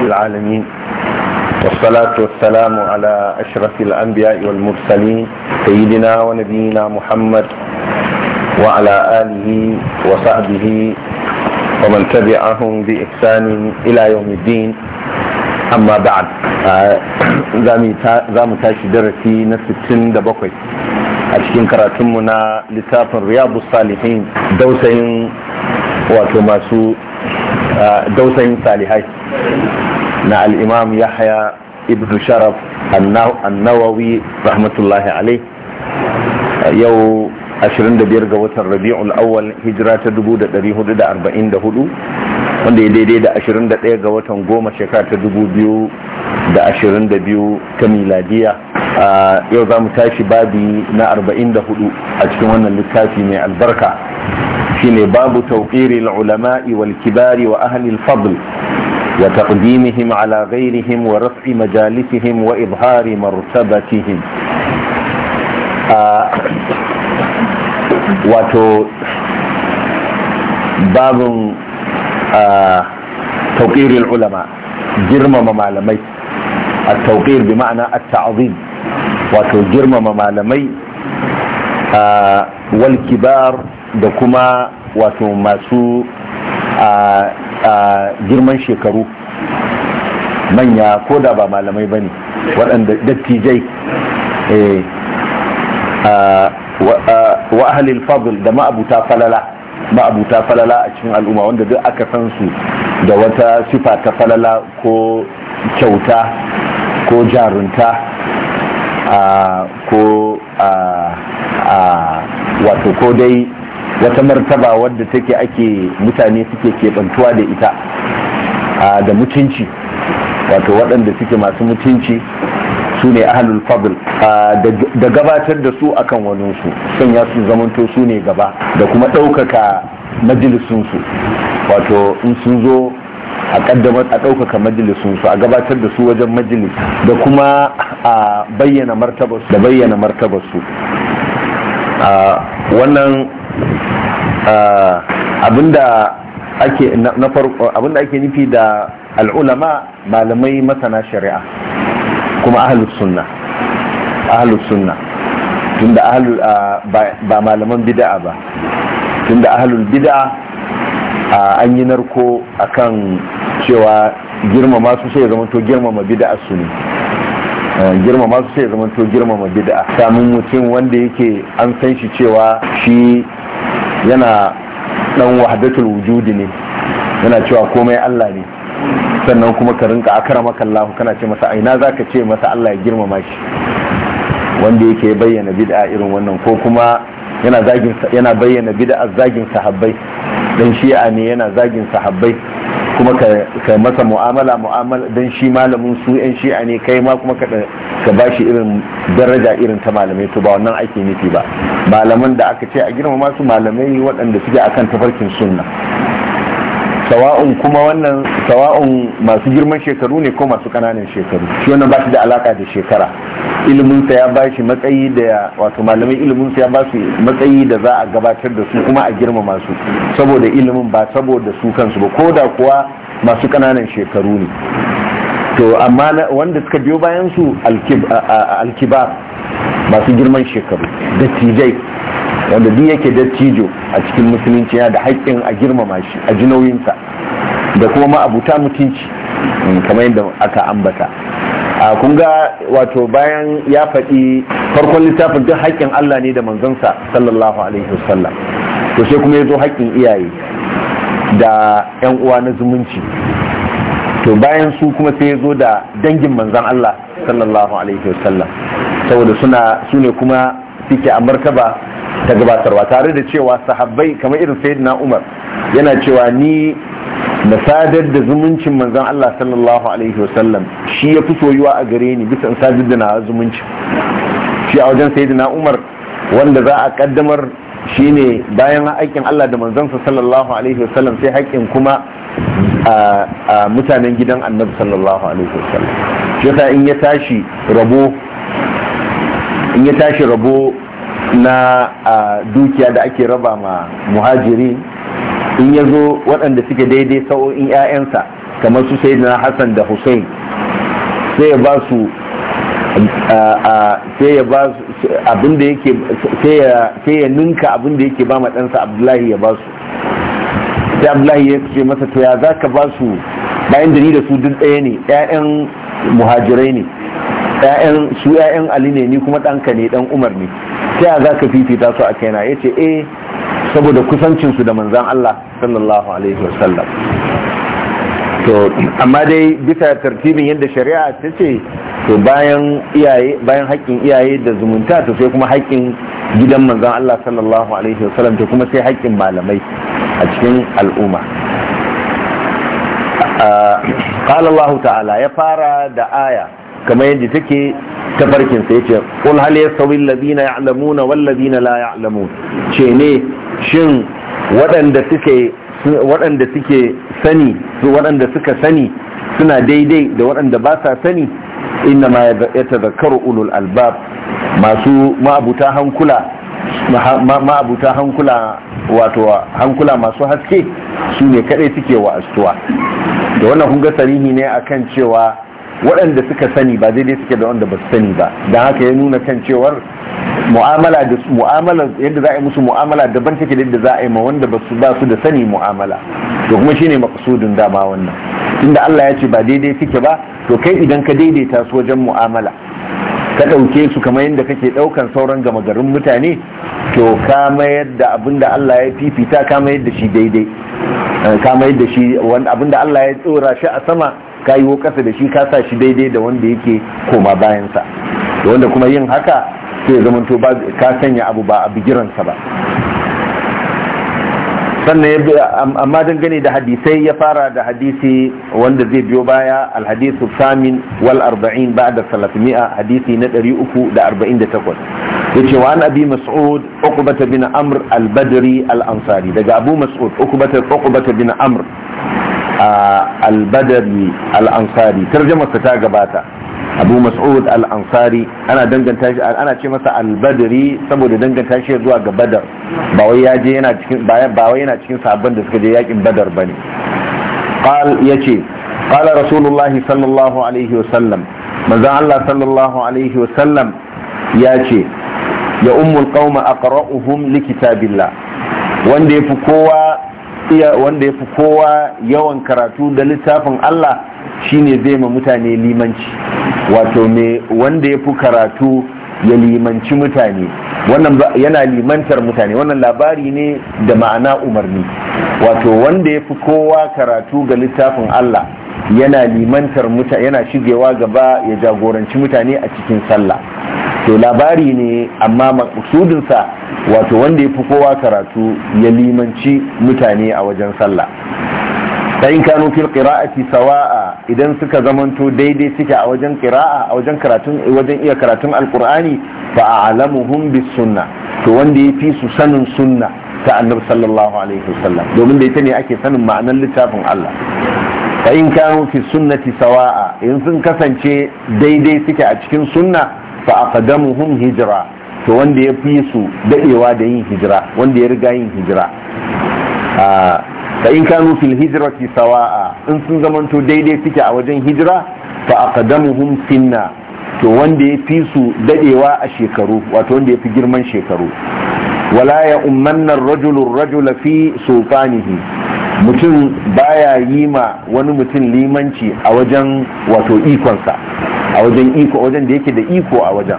رب العالمين والصلاة والسلام على أشرف الأنبياء والمرسلين سيدنا ونبينا محمد وعلى آله وصحبه ومن تبعهم بإحسان إلى يوم الدين أما بعد za mu tashi darasi na 67 a cikin karatunmu na littafin riyadu salihin dausayin wato masu dausayin salihai na al'imam haya ibn sharaf annawawi rahmatullahi alai yau 25 ga watan rabi'ul awwal hijira ta 1444 wanda ya daidai da 21 ga watan goma shekara ta 2022 ta miladiya yau za mu tashi babi na 44 a cikin wannan littafi mai albarka shine babu tauƙiri ulama'i wal kibari wa ahli fadl وتقديمهم على غيرهم ورفع مجالسهم وإظهار مرتبتهم آه وتو باب آه، توقير العلماء جرم معلمي التوقير بمعنى التعظيم وتو جرم معلمي آه، والكبار دكما وتو ماسو آه، a girman shekaru manya ko da ba malamai ba ne waɗanda dattijai eh, wa ahalil fadl da ma'abuta falala ma'abuta falala a cikin al'umma wanda duk aka san su da wata sifa ta falala ko kyauta ko jarunta ko wato ko dai wata martaba wadda take ake mutane suke keɓantuwa da ita da mutunci wato waɗanda suke masu mutunci su ne ahalul fadl da gabatar da su akan waninsu sanya su zamanto su ne gaba da kuma ɗaukaka majalisunsu wato in sun zo a ƙaddamar a ɗaukaka majalisunsu a gabatar da su wajen majalis da kuma a bayyana martabarsu da bayyana martabarsu wannan Ah, abinda ake na farko abinda ake nufi da al'ulama malamai masana shari'a kuma ahlus sunna ahlus sunna tunda ahlul ah, ba malaman bid'a ba tunda ahlul bid'a ah, an yi narko akan cewa girmama su sai zama to girmama bid'a su ne eh, girmama su sai zama to girmama bid'a samun mutum wanda yake an san shi cewa shi yana dan wahdatul wujudi ne yana cewa komai Allah ne sannan kuma ka rinka akramaka kallah kana ce masa aina zaka ce masa Allah ya girmama shi wanda yake bayyana bid'a irin wannan ko kuma yana zagin yana bayyana bid'a zagin sahabbai dan shi'a ne yana zagin sahabbai kuma ka masa mu'amala mu'amala don shi malamin su yan shi'a ne kai ma kuma ka ba shi irin daraja irin ta malamai to ba wannan ake nufi ba malaman da aka ce a girma masu malamai waɗanda suke akan tafarkin sunna sawa'un kuma wannan sawa'un masu girman shekaru ne ko masu kananan shekaru shi wannan ba shi da alaka da shekara iliminsa ya ba shi matsayi da wato malamai iliminsa ya ba su matsayi da za a gabatar da su kuma a girmama su saboda ilimin ba saboda su kansu ba ko da kuwa masu kananan shekaru ne to amma wanda suka biyo bayan su alkibar masu girman shekaru da tijai wanda duk yake dattijo a cikin musulunci yana da haƙƙin a girmama shi a ji da kuma ma'abuta mutunci mm, kamar yadda aka ambata a kun ga wato bayan ya faɗi farkon littafin duk haƙƙin Allah ne da manzansa sallallahu alaihi wasallam to sai kuma ya zo haƙƙin iyaye da 'yan uwa na zumunci to bayan su kuma sai ya zo da dangin manzan Allah sallallahu alaihi wasallam saboda suna su ne kuma suke a martaba ta gabatarwa tare da cewa sahabbai kamar irin sayyidina umar yana cewa ni na sadar da zumuncin manzon Allah sallallahu alaihi wasallam shi ya fi soyuwa a gare ni bisa in sadar da na zumuncin shi a wajen sayyidina umar wanda za a kaddamar shine bayan aikin Allah da sa sallallahu alaihi wasallam sai haƙƙin kuma a mutanen gidan annabi sallallahu alaihi wasallam shi in ya tashi rabo in ya tashi rabo na dukiya da ake raba ma muhajiri in ya zo waɗanda suke daidai sa'o'in 'ya'yansa kamar su sai na hassan da hussein sai ya ba su sai ya sai ya ninka abin da yake ba ma ɗansa abdullahi ya ba su sai abdullahi ya ce masa to ya za ka ba su bayan da ni da su duk ɗaya ne 'ya'yan muhajirai ne 'ya'yan su 'ya'yan ali ne ni kuma ɗanka ne ɗan umar ne sai a za ka fifita su a kaina ya ce eh saboda kusancinsu da manzan allah sallallahu alaihi wasallam to amma dai bisa tartibin yadda shari'a ta ce to bayan iyaye bayan haƙƙin iyaye da zumunta to sai kuma haƙƙin gidan manzon Allah sallallahu alaihi wasallam to kuma sai haƙƙin malamai a cikin al'umma قال ah, الله ta'ala ya fara da aya kamar yadda take ta farkin sai ce kul hal yastawi alladhina ya'lamuna wal ladina la ya'lamun ce ne shin waɗanda suke waɗanda suke sani waɗanda suka sani suna daidai da waɗanda ba sa sani inna ma ya ulul albab masu ma'abuta hankula ma'abuta hankula wato hankula masu haske su ne kadai suke wa astuwa da wannan ga sarihi ne akan cewa waɗanda suka sani ba daidai suke da wanda ba su sani ba don haka ya nuna kan cewar mu'amala da yadda za a yi musu mu'amala daban take da yadda za a yi ma wanda ba su da sani mu'amala to kuma shine maqsudun dama wannan inda Allah ya ce ba daidai suke ba to kai idan ka daidaita su wajen mu'amala ka ɗauke su kamar yadda kake ɗaukan sauran gama garin mutane to ka mayar da abin da Allah ya fifita ka mayar shi daidai ka mayar shi abin da Allah ya tsora shi a sama ka yi kasa da shi ka sa shi daidai da wanda yake koma bayansa da wanda kuma yin haka sai ya zamanto ka sanya abu ba a bigiransa ba sannan amma dangane da hadisai ya fara da hadisi wanda zai biyo baya alhadisu samin wal arba'in ba da salafimi'a hadisi na uku da da arba'in takwas ya ce wa an abi mas'ud uqbata bin amr al-badri al-ansari daga abu mas'ud uqbata bin amr A albadari al-ansari ta gabata abu mas'ud al'ansari ana danganta shi ana ce masa albadari saboda danganta shi zuwa ga badar ba wai yana cikin ba sabon da suka je yakin badar ba bane Ya ce qala rasulullahi sallallahu alaihi wa sallam manzon Allah sallallahu alaihi wa sallam ce ya ummul qauma aqra'uhum likitabillah wanda ya fi kowa wanda ya fi kowa yawan karatu da littafin Allah shine zai ma mutane limanci wato ne wanda ya fi karatu ya limanci mutane wannan yana limantar mutane wannan labari ne da ma'ana umarni wato wanda ya fi kowa karatu ga littafin Allah yana limantar mutane yana shigewa gaba ya jagoranci mutane a cikin sallah to labari ne amma maksudinsa wato wanda ya fi kowa karatu ya limanci mutane a wajen sallah in kanu fil qira'ati sawa'a idan suka zamanto daidai suke a wajen qira'a a wajen karatun wajen iya karatun alqur'ani fa a'lamuhum bis sunna to wanda ya fi su sanin sunna ta annabi sallallahu alaihi wasallam domin da ita ne ake sanin ma'anar littafin Allah fa in kanu fi sunnati sawa'a in sun kasance daidai suke a cikin sunna fa aqdamuhum hijra to wanda ya fi su dadewa da yin hijira wanda ya riga yin hijira ah, fa in kanu fil hijrati sawa'a in sun zamanto daidai suke a wajen hijira fa aqdamuhum finna to wanda ya fi su dadewa a shekaru wato wanda ya fi girman shekaru wala ya ummannan rajulun rajula fi sultanihi mutum baya yi ma wani mutum limanci a wajen wato ikonsa a wajen iko wajen da yake da iko a wajen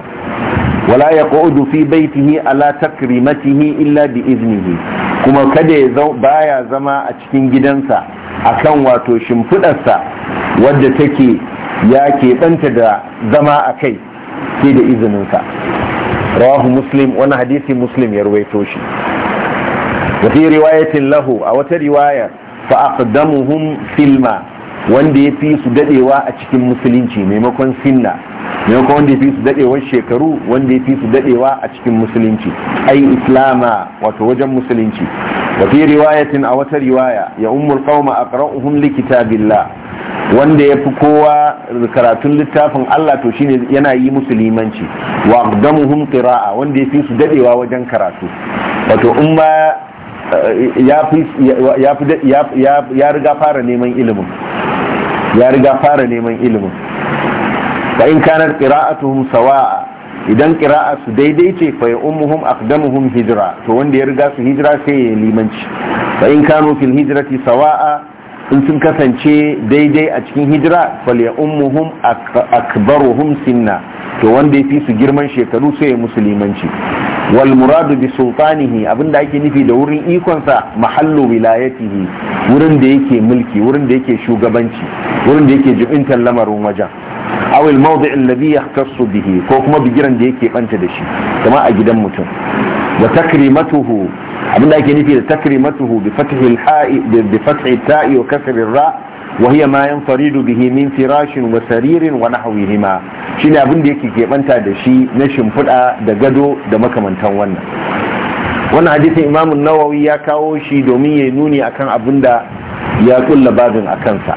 wala ya qa'udu fi baitihi ala takrimatihi illa bi iznihi kuma kada ya baya zama a cikin gidansa akan wato shimfiɗarsa wadda take ya keɓanta da zama a kai sai da izininsa rawahu muslim wani hadisi muslim ya ruwaito shi wa fi riwayatin lahu a wata riwaya fa aqdamuhum filma wanda ya fi su dadewa a cikin musulunci maimakon sinna maimakon wanda ya fi su dadewa shekaru wanda ya fi su dadewa a cikin musulunci ai islama wato wajen musulunci wa fi riwayatin a wata riwaya ya ummul qauma aqra'uhum li kitabillah wanda ya fi kowa karatun littafin Allah to shine yana yi musulmanci wa aqdamuhum qira'a wanda ya fi su dadewa wajen karatu wato umma ya riga fara neman ilimin ya riga fara neman ilimin in kanar qira'atuhum sawa'a idan ƙira'a su daidai ce fa ummuhum aqdamuhum hijira. to wanda ya riga su hijira, sai ya limanci ba in kanu fil hijrati sawa'a in sun kasance daidai a cikin hijira falya ummuhum akbaruhum sinna to wanda ya fi su girman shekaru sai ya musulmanci wal muradu bi sultanihi abinda ake nufi da wurin ikonsa mahallu wilayatihi wurin da yake mulki wurin da yake shugabanci wurin da yake jibintar lamarin wajen aw al mawdi' alladhi yahtassu bihi ko kuma bigiran da yake banta da shi kama a gidan mutum wa takrimatuhu abinda ake nufi da takrimatuhu bi fathi al-ha'i bi fathi ta'i wa kasr ra wa hiya ma yanfaridu bihi min firashin wa saririn wa nahwihima shine abinda yake kebanta da shi na shimfuda, da gado da makamantan wannan wannan hadisin Imam nawawi ya kawo shi domin ya nuni akan abinda ya kulla babin akan sa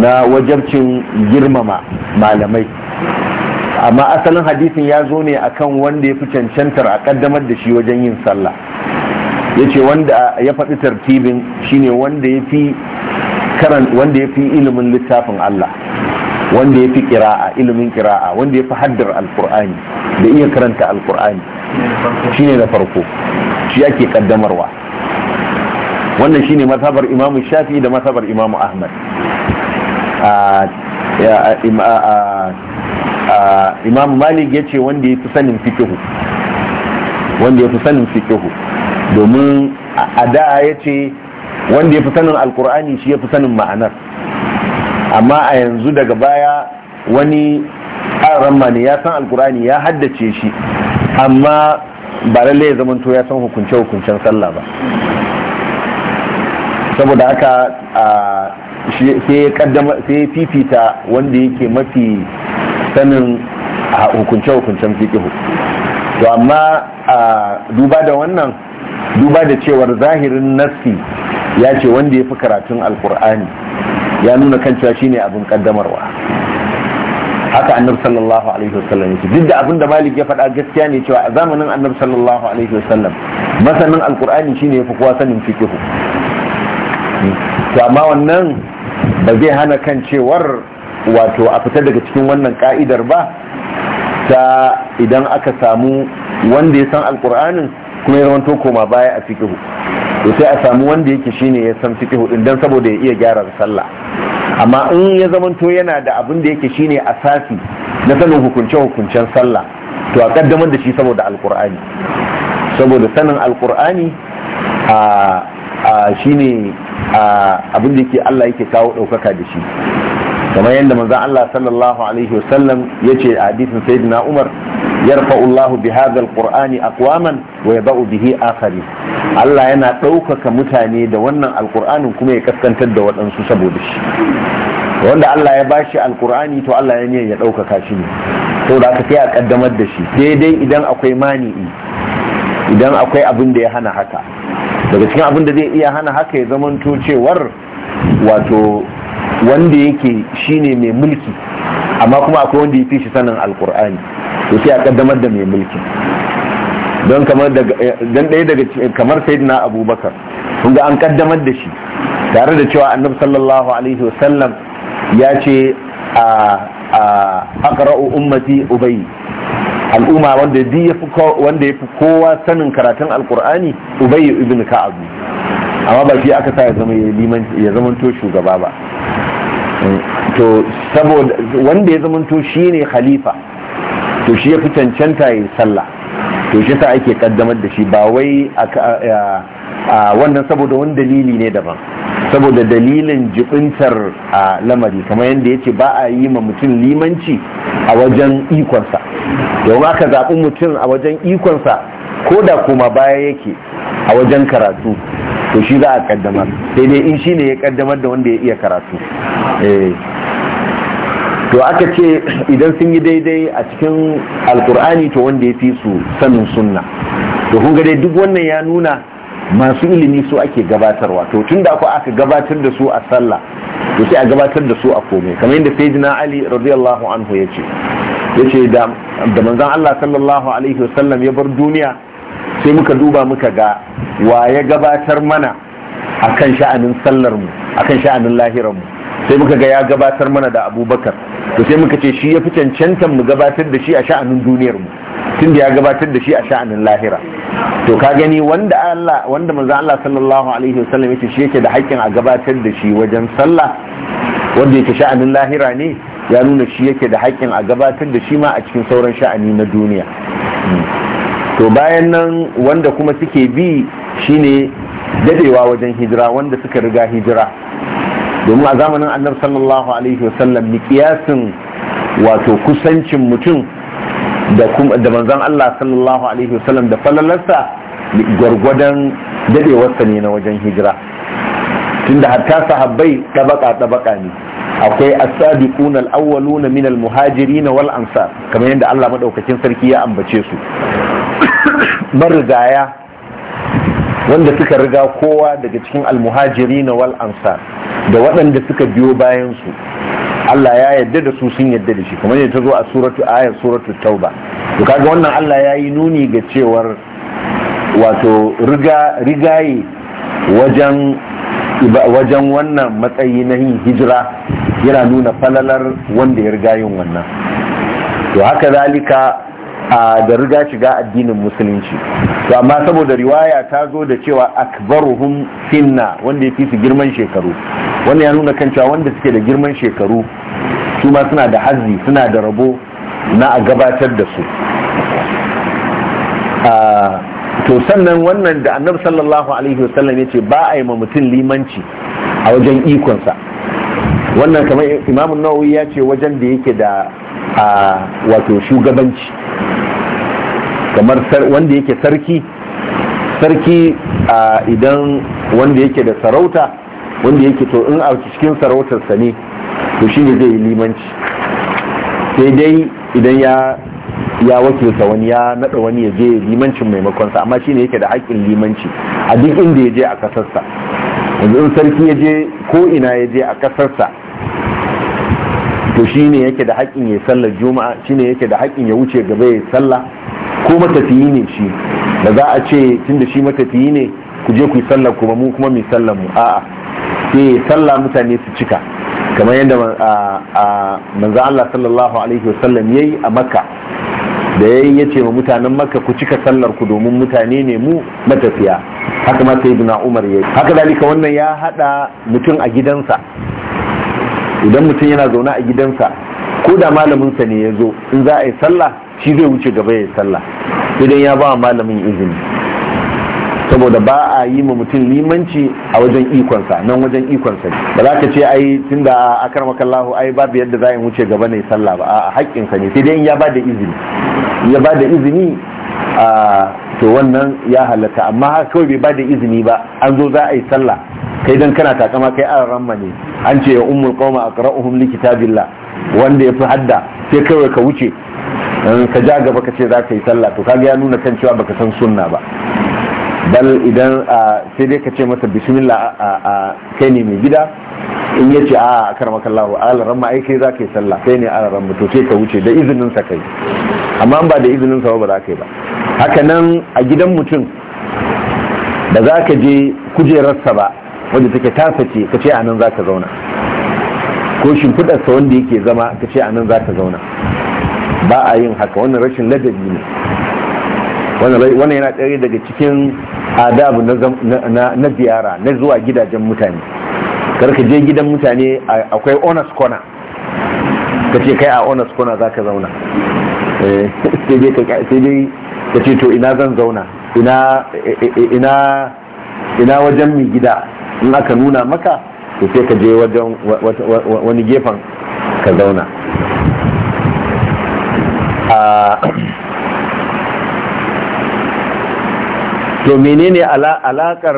na wajabcin girmama malamai amma asalin hadisin ya zo ne akan wanda ya fi cancantar a kaddamar da shi wajen yin sallah ya ce wanda ya faɗi tartibin shine wanda ya fi wanda ya fi ilimin littafin Allah wanda ya fi kira'a ilimin kira'a wanda ya fi haddar alkur'ani da iya karanta alkur'ani shine na farko shi ake kaddamarwa wannan shine mazhabar imamu shafi da mazhabar imamu ahmad imamu malik ya ce wanda ya fi sanin fikihu domin a da ya ce wanda ya fi sanin alkur'ani shi ya fi sanin ma'anar amma a yanzu daga baya wani ƙararren ne ya san alkur'ani ya haddace shi amma ba lalle ya zama to ya san hukunce-hukuncen sallah ba saboda haka sai ya fifita wanda yake mafi sanin hukunce-hukuncen fiƙihu to amma duba da wannan duba da cewar zahirin nassi ya ce wanda ya fi karatun alkur'ani ya nuna kan cewa shine abin kaddamarwa haka annabi sallallahu alaihi wasallam yake duk da abin da malik ya faɗa gaskiya ne cewa a zamanin annabi sallallahu alaihi wasallam masanin alkur'ani shine ya fi kowa sanin fiqh to amma wannan ba zai hana kan cewar wato a fita daga cikin wannan ka'idar ba ta idan aka samu wanda ya san alkur'anin kuma ya zama koma baya a fikihu to sai a samu wanda yake shine ya san fikihu din dan saboda ya iya gyara sallah amma in ya zamanto yana da abin da yake shine asasi na sanin hukunce hukuncen sallah to a kaddamar da shi saboda alkur'ani saboda sanin alkur'ani a shine abin da yake Allah yake kawo ɗaukaka da shi kamar yadda manzo Allah sallallahu alaihi wasallam yace a hadisin sayyidina Umar yarfa'u Allahu bi hadha alqur'ani aqwaman wa yada'u bihi akhari Allah yana ɗaukaka mutane da wannan alqur'anin kuma ya kaskantar da waɗansu saboda shi wanda Allah ya bashi alqur'ani to Allah ya ne ya ɗaukaka shi ne to da ka sai a kaddamar da shi daidai idan akwai mani'i idan akwai abin da ya hana haka daga cikin abin da zai iya hana haka ya zamanto cewar wato wanda yake shine mai mulki amma kuma akwai wanda ya fi shi sanin alkur'ani to sai a kaddamar da mai mulki don kamar ɗaya daga kamar sayyidina abubakar kun ga an kaddamar da shi tare da cewa annabi sallallahu alaihi wasallam ya ce a aqra'u ummati ubay al'umma wanda ya fi kowa sanin karatun alkur'ani ubay ibn ka'ab amma ba shi aka sa ya zama ya shugaba ba to saboda wanda ya zamanto shi ne khalifa to shi ya fi cancanta ya sallah to shi sa ake kaddamar da shi ba wai a wannan saboda wani dalili ne daban saboda dalilin jibintar a lamari kamar yadda ya ce ba a yi ma mutum limanci a wajen ikonsa domin aka zaɓi mutum a wajen ikonsa ko da kuma baya yake a wajen karatu to shi za a kaddamar sai dai in shi ne ya kaddamar da wanda ya iya karatu eh. to aka ce idan sun yi daidai a cikin alkur'ani to wanda ya fi su sanin sunna to kun ga dai duk wannan ya nuna masu ilimi su ake gabatarwa to tun da aka gabatar da su a sallah to sai a gabatar da su a komai kamar yadda jina ali radiyallahu anhu ya ce ya ce da manzan allah sallallahu alaihi wasallam ya bar duniya sai muka duba muka ga wa ya gabatar mana akan sha'anin sallar mu akan sha'anin lahirar sai muka ga ya gabatar mana da abubakar to sai muka ce shi ya fi cancantar mu gabatar da shi a sha'anin duniyarmu, tun da ya gabatar da shi a sha'anin lahira to ka gani wanda Allah Allah sallallahu alaihi wasallam yake shi yake da haƙƙin a gabatar da shi wajen sallah wanda yake sha'anin lahira ne ya nuna shi yake da haƙƙin a gabatar da shi ma a cikin sauran sha'ani na duniya hmm. to bayan nan wanda kuma suke bi shine dadewa wajen hijira wanda suka riga hijira domin a zamanin annar sallallahu alaihi wasallam kiyasin wato kusancin mutum da manzon Allah sallallahu alaihi wasallam da falalarsa gwargwadon dadewarsa ne na wajen hijira tunda hatta sahabbai tabaka tabaka ne akwai as-sabiqun al-awwaluna min al-muhajirin wal ansar kamar yadda Allah madaukakin sarki ya ambace su marigaya wanda suka riga kowa daga cikin al-muhajirin wal ansar da waɗanda suka biyo bayan su Allah ya yadda da su sun yadda da shi kamar yadda ta zo a suratu ayat suratu tauba to kaga wannan Allah ya yi nuni ga cewar wato riga rigaye wajen wajen wannan matsayi na yin hijira yana nuna falalar wanda ya riga yin wannan to haka zalika da riga shiga addinin musulunci to amma saboda riwaya ta zo da cewa akbaruhum sinna wanda ya fi su girman shekaru wannan ya nuna kan cewa wanda suke da girman shekaru su ma suna da hazzi suna da rabo na a gabatar da su to sannan wannan da annabi sallallahu alaihi wasallam ya ce ba a yi ma mutum limanci a wajen ikonsa wannan kamar imamu nawawi ya ce wajen da yake da a wato shugabanci kamar wanda yake sarki sarki idan wanda yake da sarauta wanda yake to in a cikin sarautarsa ne to shi ne zai yi limanci sai dai idan ya ya wakilta wani ya nada wani ya je limancin maimakonsa amma shine yake da haƙƙin limanci a duk inda ya je a kasarsa yanzu in sarki ya je ko ina ya je a sa to shine yake da haƙƙin ya sallar juma'a shine yake da haƙƙin ya wuce gaba ya salla ko matafiyi ne shi da za a ce tunda shi matafiyi ne ku je ku yi sallar kuma mu kuma mu sallar mu a'a sai sallah mutane su cika kamar yadda manzo Allah sallallahu alaihi wasallam yayi a makka da yayi ce ma mutanen makka ku cika sallar ku domin mutane ne mu matafiya haka ma sayyidina Umar yayi haka dalika wannan ya hada mutum a gidansa idan mutum yana zaune a gidansa ko da malaminsa ne ya zo in za a yi sallah shi zai wuce gaba ya sallah idan ya ba malamin izini saboda ba a yi ma mutum limanci a wajen ikonsa nan wajen ikonsa ba za ka ce ai tunda a akar makallahu ai babu yadda za in wuce gaba ne sallah ba a haƙƙinsa ne sai dai in ya ba da izini ya ba da izini a to wannan ya halatta amma har kawai bai ba da izini ba an zo za a yi sallah kai dan kana takama kai a ramma ne an ce ya ummul qauma aqra'uhum li kitabillah wanda ya fi hadda sai kawai ka wuce ka ja gaba ka ce za ka yi sallah to kaga ya nuna kan cewa baka san sunna ba bal idan sai dai ka ce masa bismillah a kai ne mai gida in ya ce a karmakallahu alaran ma ai kai za ka yi sallah kai ne alaran mu to sai ka wuce da izinin sa kai amma ba da izinin sa ba za ka yi ba haka nan a gidan mutum da za ka je kujerarsa ba wanda take tasa ce ka ce a za ka zauna ko shimfiɗarsa wanda yake zama ka ce a za ka zauna ba a yin haka wannan rashin ladabi ne wannan yana ɗaya daga cikin adabu na ziyara na zuwa gidajen mutane karka je gidan mutane akwai onus kona ka ce kai a onus kona za ka zauna eh, sai dai ka ce to ina zan zauna e, e, e, ina wajen mai gida in aka nuna maka to sai ka je wajen wani gefen ka zauna ah, to menene alakar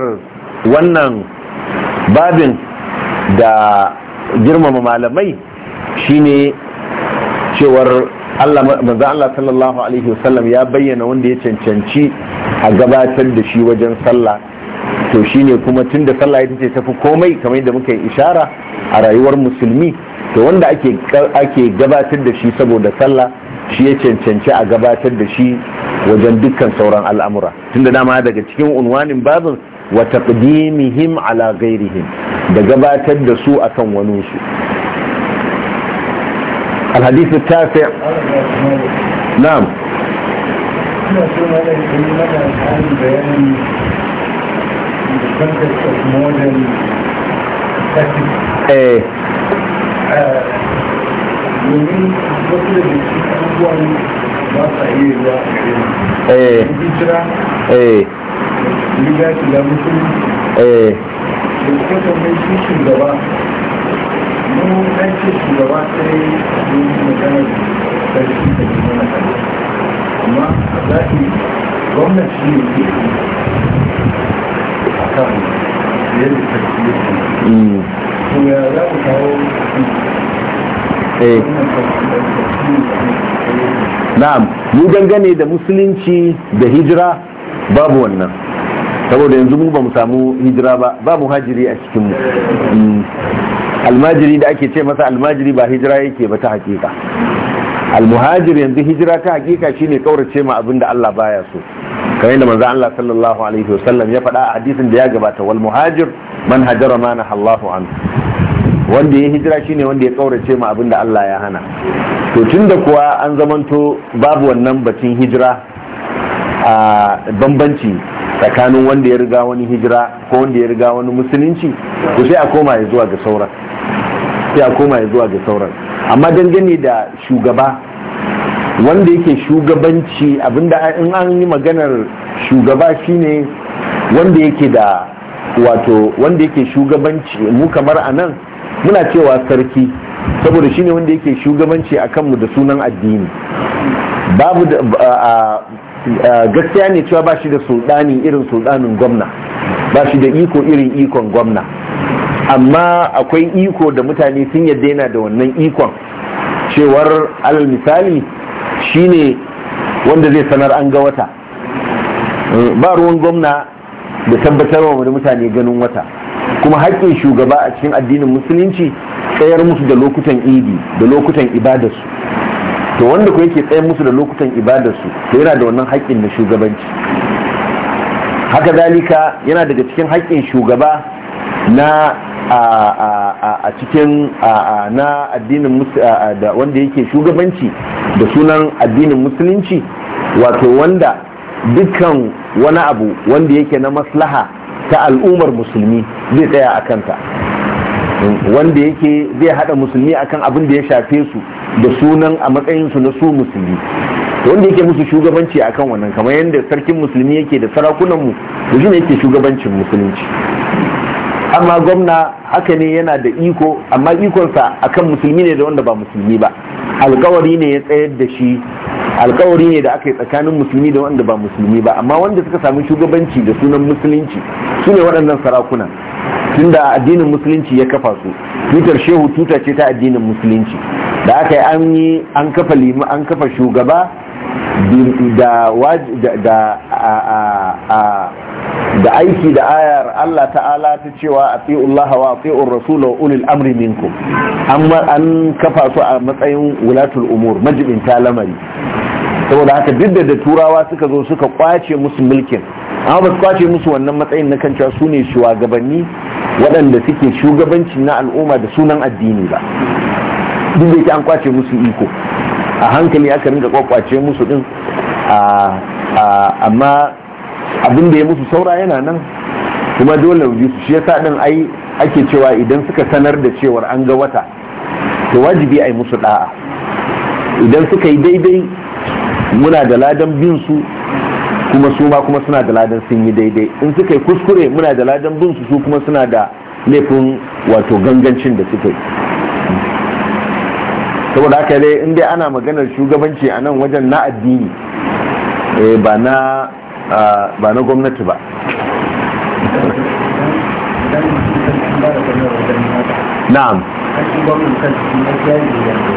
wannan babin da girmama malamai shine cewar Allah Allah sallallahu alaihi wasallam ya bayyana wanda ya cancanci a gabatar da shi wajen sallah to shine kuma tunda sallah ita ce tafi komai kamar da muka yi ishara a rayuwar musulmi to wanda ake ake gabatar da shi saboda sallah shi ya cancanci a gabatar da shi wajen dukkan sauran al'amura tunda dama daga cikin unwanin babin wa taqdimihim ala ghairihim da gabatar da su akan wani su الحديث التاسع نعم ايه abubuwan ba sa iya zuwa a eh. eh. gare eh. mu mu sai da amma a gwamnati ne ke a kan yadda sarki ya ce. Mm. Kuma ya za ku kawo Eh. na'am mu dangane da musulunci da hijira babu wannan saboda yanzu mu ba mu samu hijira ba ba muhajiri a cikin mu mm. almajiri da ake ce masa almajiri ba hijira yake ba ta hakika almuhajir yanzu hijira ta hakika shine kaurace ma abin da Allah baya so kamar yadda manzo Allah sallallahu alaihi wasallam ya faɗa a hadisin da ya gabata wal muhajir man hajara ma Allahu anhu wanda ya hijira shine wanda ya kaurace ma abinda Allah ya hana to tunda kuwa an zamanto babu wannan batun hijira a bambanci tsakanin wanda ya riga wani hijira ko wanda ya riga wani musulunci to sai a koma ya zuwa ga sauran sai a koma ya zuwa ga sauran amma dangane da shugaba wanda yake shugabanci abinda in an yi maganar shugaba shine wanda yake da wato wanda yake shugabanci mu kamar a nan muna cewa sarki saboda shi ne wanda yake shugabanci a kanmu da sunan addini babu da gaskiya ne cewa ba shi da sultani irin sultanin gwamna ba shi da iko irin ikon gwamna amma akwai iko da mutane sun yadda yana da wannan ikon cewar alal misali shi ne wanda zai sanar an ga wata ba ruwan gwamna da tabbatarwa da mutane ganin wata kuma haƙƙin shugaba a cikin addinin musulunci tsayar musu da lokutan idi da lokutan ibadarsu to wanda ku yake tsayar musu da lokutan ibadarsu to yana da wannan haƙƙin na shugabanci haka zalika yana daga cikin haƙƙin shugaba na a cikin na addinin wanda yake shugabanci da sunan addinin musulunci wato wanda dukkan wani abu wanda yake na maslaha ta al'ummar musulmi zai tsaya a kanta wanda yake zai hada musulmi akan abin da ya shafe su da sunan a matsayinsu na su musulmi wanda yake musu shugabanci akan wannan kamar yadda sarkin musulmi yake da sarakunanmu da shi yake shugabancin musulunci amma gwamna haka ne yana da iko amma ikonsa akan musulmi ne da wanda ba musulmi ba alkawari ne ya tsayar da shi alkawari ne da aka yi tsakanin musulmi da wanda ba musulmi ba amma wanda suka sami shugabanci da sunan musulunci su ne waɗannan sarakuna tunda addinin musulunci ya kafa su tutar shehu tuta ce ta addinin musulunci da aka yi an kafa limu an kafa shugaba da da aiki da ayar Allah ta'ala ta cewa a Allah wa a rasula ulil amri minkum amma an kafa su a matsayin wulatul umur majibinta lamari saboda haka duk da turawa suka zo suka kwace musu mulkin amma ba su kwace musu wannan matsayin na kan cewa su ne shugabanni waɗanda suke shugabanci na al'umma da sunan addini ba duk da yake an kwace musu iko a hankali aka rinka kwakwace musu din amma abin da ya musu saura yana nan kuma dole su shi yasa din ai ake cewa idan suka sanar da cewar an ga wata to wajibi ai musu ɗa'a. idan suka yi daidai muna da ladan bin su kuma su ma kuma suna da ladan sun yi daidai in suka yi kuskure muna da ladan bin su su kuma suna da laifin wato gangancin da suka yi saboda aka dai in dai ana maganar shugabanci a nan wajen na addini eh, ba na ba na gwamnati ba na'am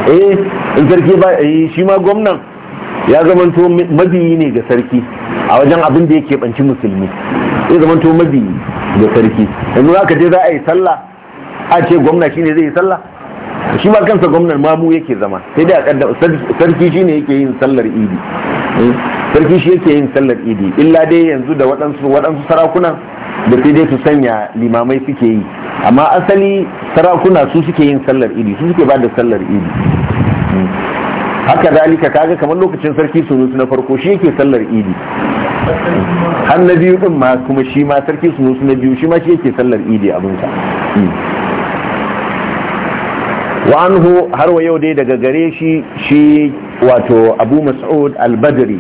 eh in sarki ba eh shi ma gwamnan ya zamanto mabiyi ne ga sarki a wajen abin da yake banci musulmi ya zamanto mabiyi ga sarki yanzu za ka je za a yi sallah a ce gwamna shi ne zai yi sallah shi ma kansa gwamnan mamu yake zama sai dai a kaddam sarki shine yake yin sallar idi eh, sarki shi yake yin sallar idi illa dai yanzu da waɗansu waɗansu sarakuna da sai dai su sanya limamai suke yi amma asali sarakuna su suke yin sallar idi su suke ba da sallar idi hmm. haka zalika kaga kamar lokacin sarki sunusu na farko shi yake sallar idi har na biyu din ma kuma shi ma sarki sunusu na biyu shi ma shi yake sallar idi abinsa hmm. wa har wa yau dai daga gare shi shi wato abu mas'ud al-badri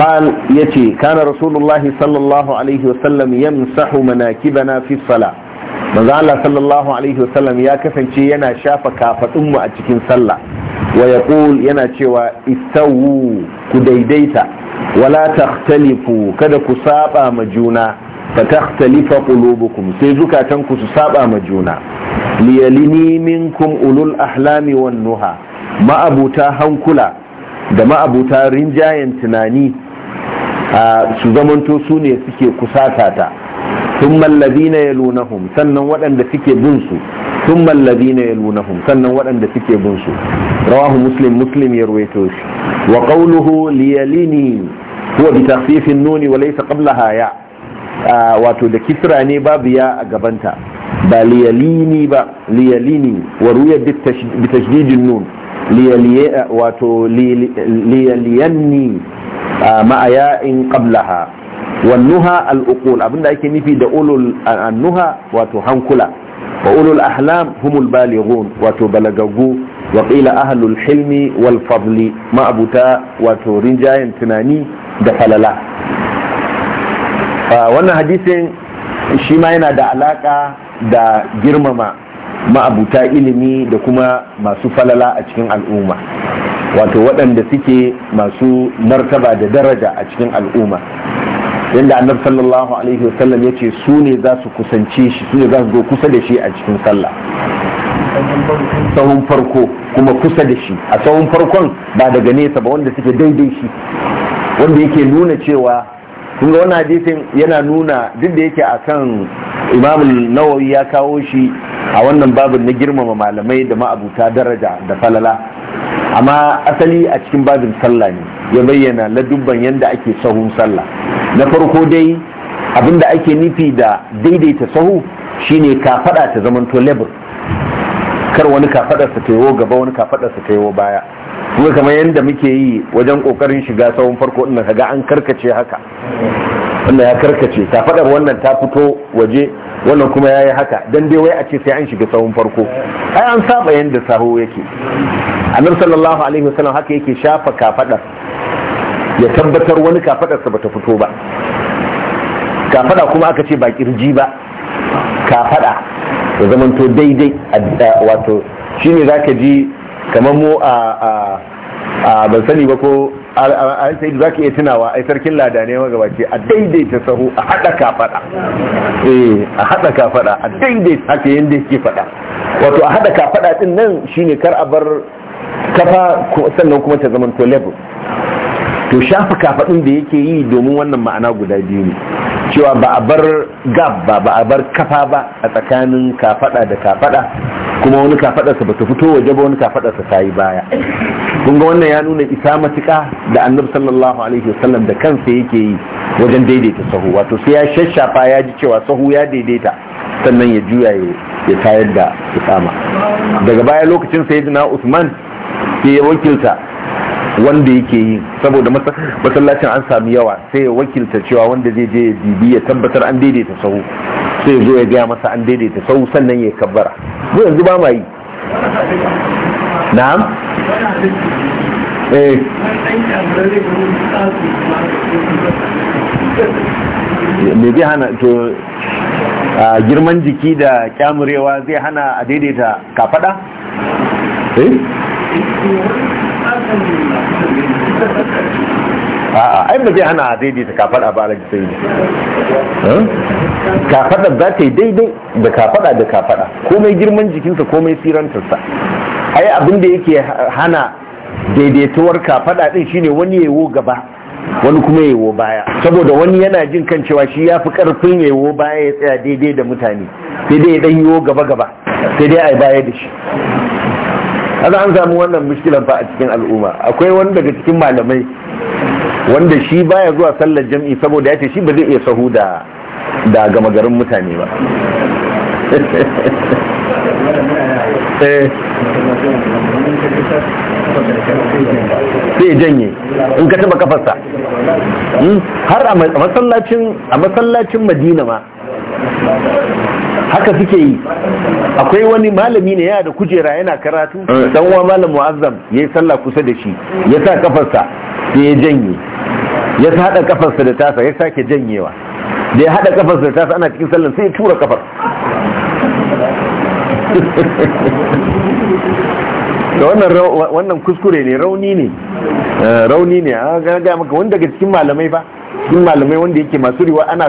qal yati kana rasulullahi sallallahu alaihi wa sallam yamsahu manakibana fi salla manzo allahu sallallahu alaihi wa sallam ya kasance yana shafa kafadun mu a cikin sallah wa yaqul yana cewa istawu ku daidaita wala tahtalifu kada ku saba juna. fatakhtalifa qulubukum sai ku su saba ma juna liyalini minkum ulul ahlami wan nuha ma'abuta hankula da ma'abuta rinjayen tunani su zamanto su ne suke kusata ta sun mallabi na yalunahum sannan waɗanda suke bin su sun mallabi na yalunahum sannan waɗanda suke bin su rawahu muslim muslim ya ruwaito shi wa ƙauluhu liyalini huwa bi tafifin nuni wa laysa qablaha ya' wato da kisra ne babu ya a gabanta ba liyalini ba liyalini wa ruya nun wato liyaliyanni ma'a ya'in qablaha wannuha al-uqul abinda ake nufi da ulul annuha wato hankula wa ulul ahlam humul balighun wato balagagu wa qila ahlul hilmi wal fadli ma'abuta wato rinjayen tunani da falala wannan hadisin shi ma yana da alaka da girmama ma'abuta ilimi da kuma masu falala a cikin al'umma wato waɗanda suke masu martaba da daraja a cikin al'umma yadda annabi sallallahu alaihi wasallam ya ce su ne za su kusance shi su ne za su zo kusa da shi a cikin sallah sahun farko kuma kusa da shi a sahun farkon ba daga nesa ba wanda suke daidai shi wanda yake nuna cewa kun ga wannan hadisin yana nuna duk da yake akan imamul nawawi ya kawo shi a wannan babin na girmama malamai da ma'abuta daraja da falala amma asali a cikin babin sallah ne ya bayyana ladubban yadda ake sahun sallah na farko dai abin abinda ake nufi da daidaita sahu shine kafaɗa ta zamanto lebur kar wani fada ta yiwo gaba wani fada ta yiwo baya kuma kamar yadda muke yi wajen kokarin shiga tsawon farko ina ga an karkace haka wannan ya karkace ta fadar wannan ta fito waje wannan kuma ya yi haka dan dai wai a ce sai an shiga tsawon farko ai an saba yadda saho yake annabi sallallahu alaihi wasallam haka yake shafa kafadar ya tabbatar wani sa bata fito ba kafada kuma aka ce ba kirji ba kafada ya zamanto daidai wato shine zaka ji kamar mu a a ban sani ba ko an sai za ka iya tunawa ai sarkin lada ne ma gabace a daidaita sahu a hada ka fada eh a hada ka fada a daidaita haka yanda yake fada wato a hada ka fada din nan shine kar a bar kafa sannan kuma ta zaman to level to shafa kafaɗin da yake yi domin wannan ma'ana guda biyu ne cewa ba a bar gab ba ba a bar kafa ba a tsakanin kafaɗa da kafaɗa kuma wani kafaɗarsa ba ta fito waje ba wani kafaɗarsa ta yi baya kun ga wannan ya nuna isa matuka da annabi sallallahu alaihi wasallam da kansa yake yi wajen daidaita sahu wato sai ya shashafa ya ji cewa sahu ya daidaita sannan ya juya ya tayar da isama daga baya lokacin sayyidina usman sai ya wakilta wanda yake yi saboda masallacin an sami yawa sai ya wakilta cewa wanda zai je bibi ya tabbatar an daidaita sahu sai zo ya gaya masa an daidaita sahu sannan ya kabbara mu yanzu ba ma yi na'am eh me zai hana to girman jiki da kyamurewa zai hana a daidaita kafada eh a'a ai ba zai hana a daidaita kafada ba alaji sai ne kafada za ta yi daidai da kafada da kafada komai girman jikinsa komai sirantarsa ai abin da yake hana daidaituwar kafada din shine wani yawo gaba wani kuma yawo baya saboda wani yana jin kan cewa shi ya fi karfin yawo baya ya tsaya daidai da mutane sai dai dan yiwo gaba gaba sai dai ai baya da shi kaza an samu wannan mushkilan fa a cikin al'umma akwai wani daga cikin malamai wanda shi baya zuwa sallar jam'i saboda ya ce shi ba zai iya sahu da da gama garin mutane ba eh. sai janye in ka taba kafarsa hmm? har a masallacin madina ma haka suke yi akwai wani malami ne yana da kujera yana karatu eh. dan uwa malam muazzam yi sallah kusa da shi ya sa kafarsa sai ya janye ya haɗa kafarsa da tasa ya sake janyewa da ya haɗa kafarsa da tasa ana cikin sallan sai ya tura kafar da wannan kuskure ne rauni ne eh, rauni ne ah, a ga maka wanda daga cikin malamai ba cikin malamai wanda yake masu riwa ana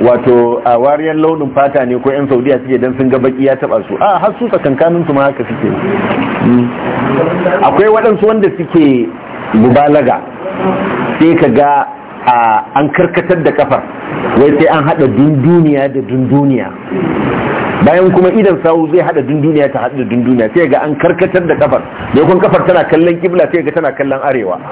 wato a wariyar launin fata ne ko 'yan saudiya suke don sun ga baki ya taba su a har su tsakankanin su ma haka suke hmm. akwai waɗansu wanda suke mubalaga sai ka ga an karkatar da kafar wai sai an haɗa dunduniya da dunduniya bayan kuma idan sawu zai hada dunduniya ta hada dunduniya sai ga an karkatar da kafar da kun kafar tana kallon kibla sai ga tana kallon arewa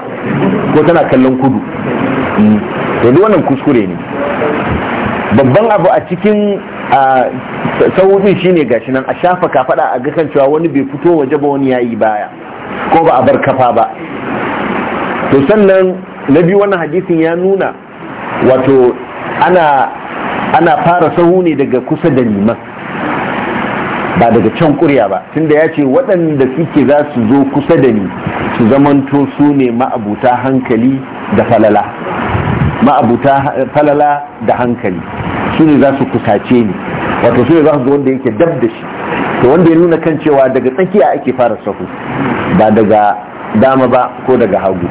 ko tana kallon kudu hmm. to wannan kuskure ne babban abu a cikin shi shine gashi nan a shafa kafaɗa a ga kan cewa wani bai fito waje ba wani yayi baya ko ba a bar kafa ba to sannan na biyu wannan hadisin ya nuna wato ana ana fara sahu ne daga kusa da liman ba daga can kurya ba tunda ya ce waɗanda suke za su zo kusa da ni su zamanto su ne ma'abuta hankali da falala ma'abuta falala da hankali su ne za su kusace ni wato su ne za su zo wanda yake dab da shi to wanda ya nuna kan cewa daga tsakiya ake fara sahu ba daga dama ba ko daga hagu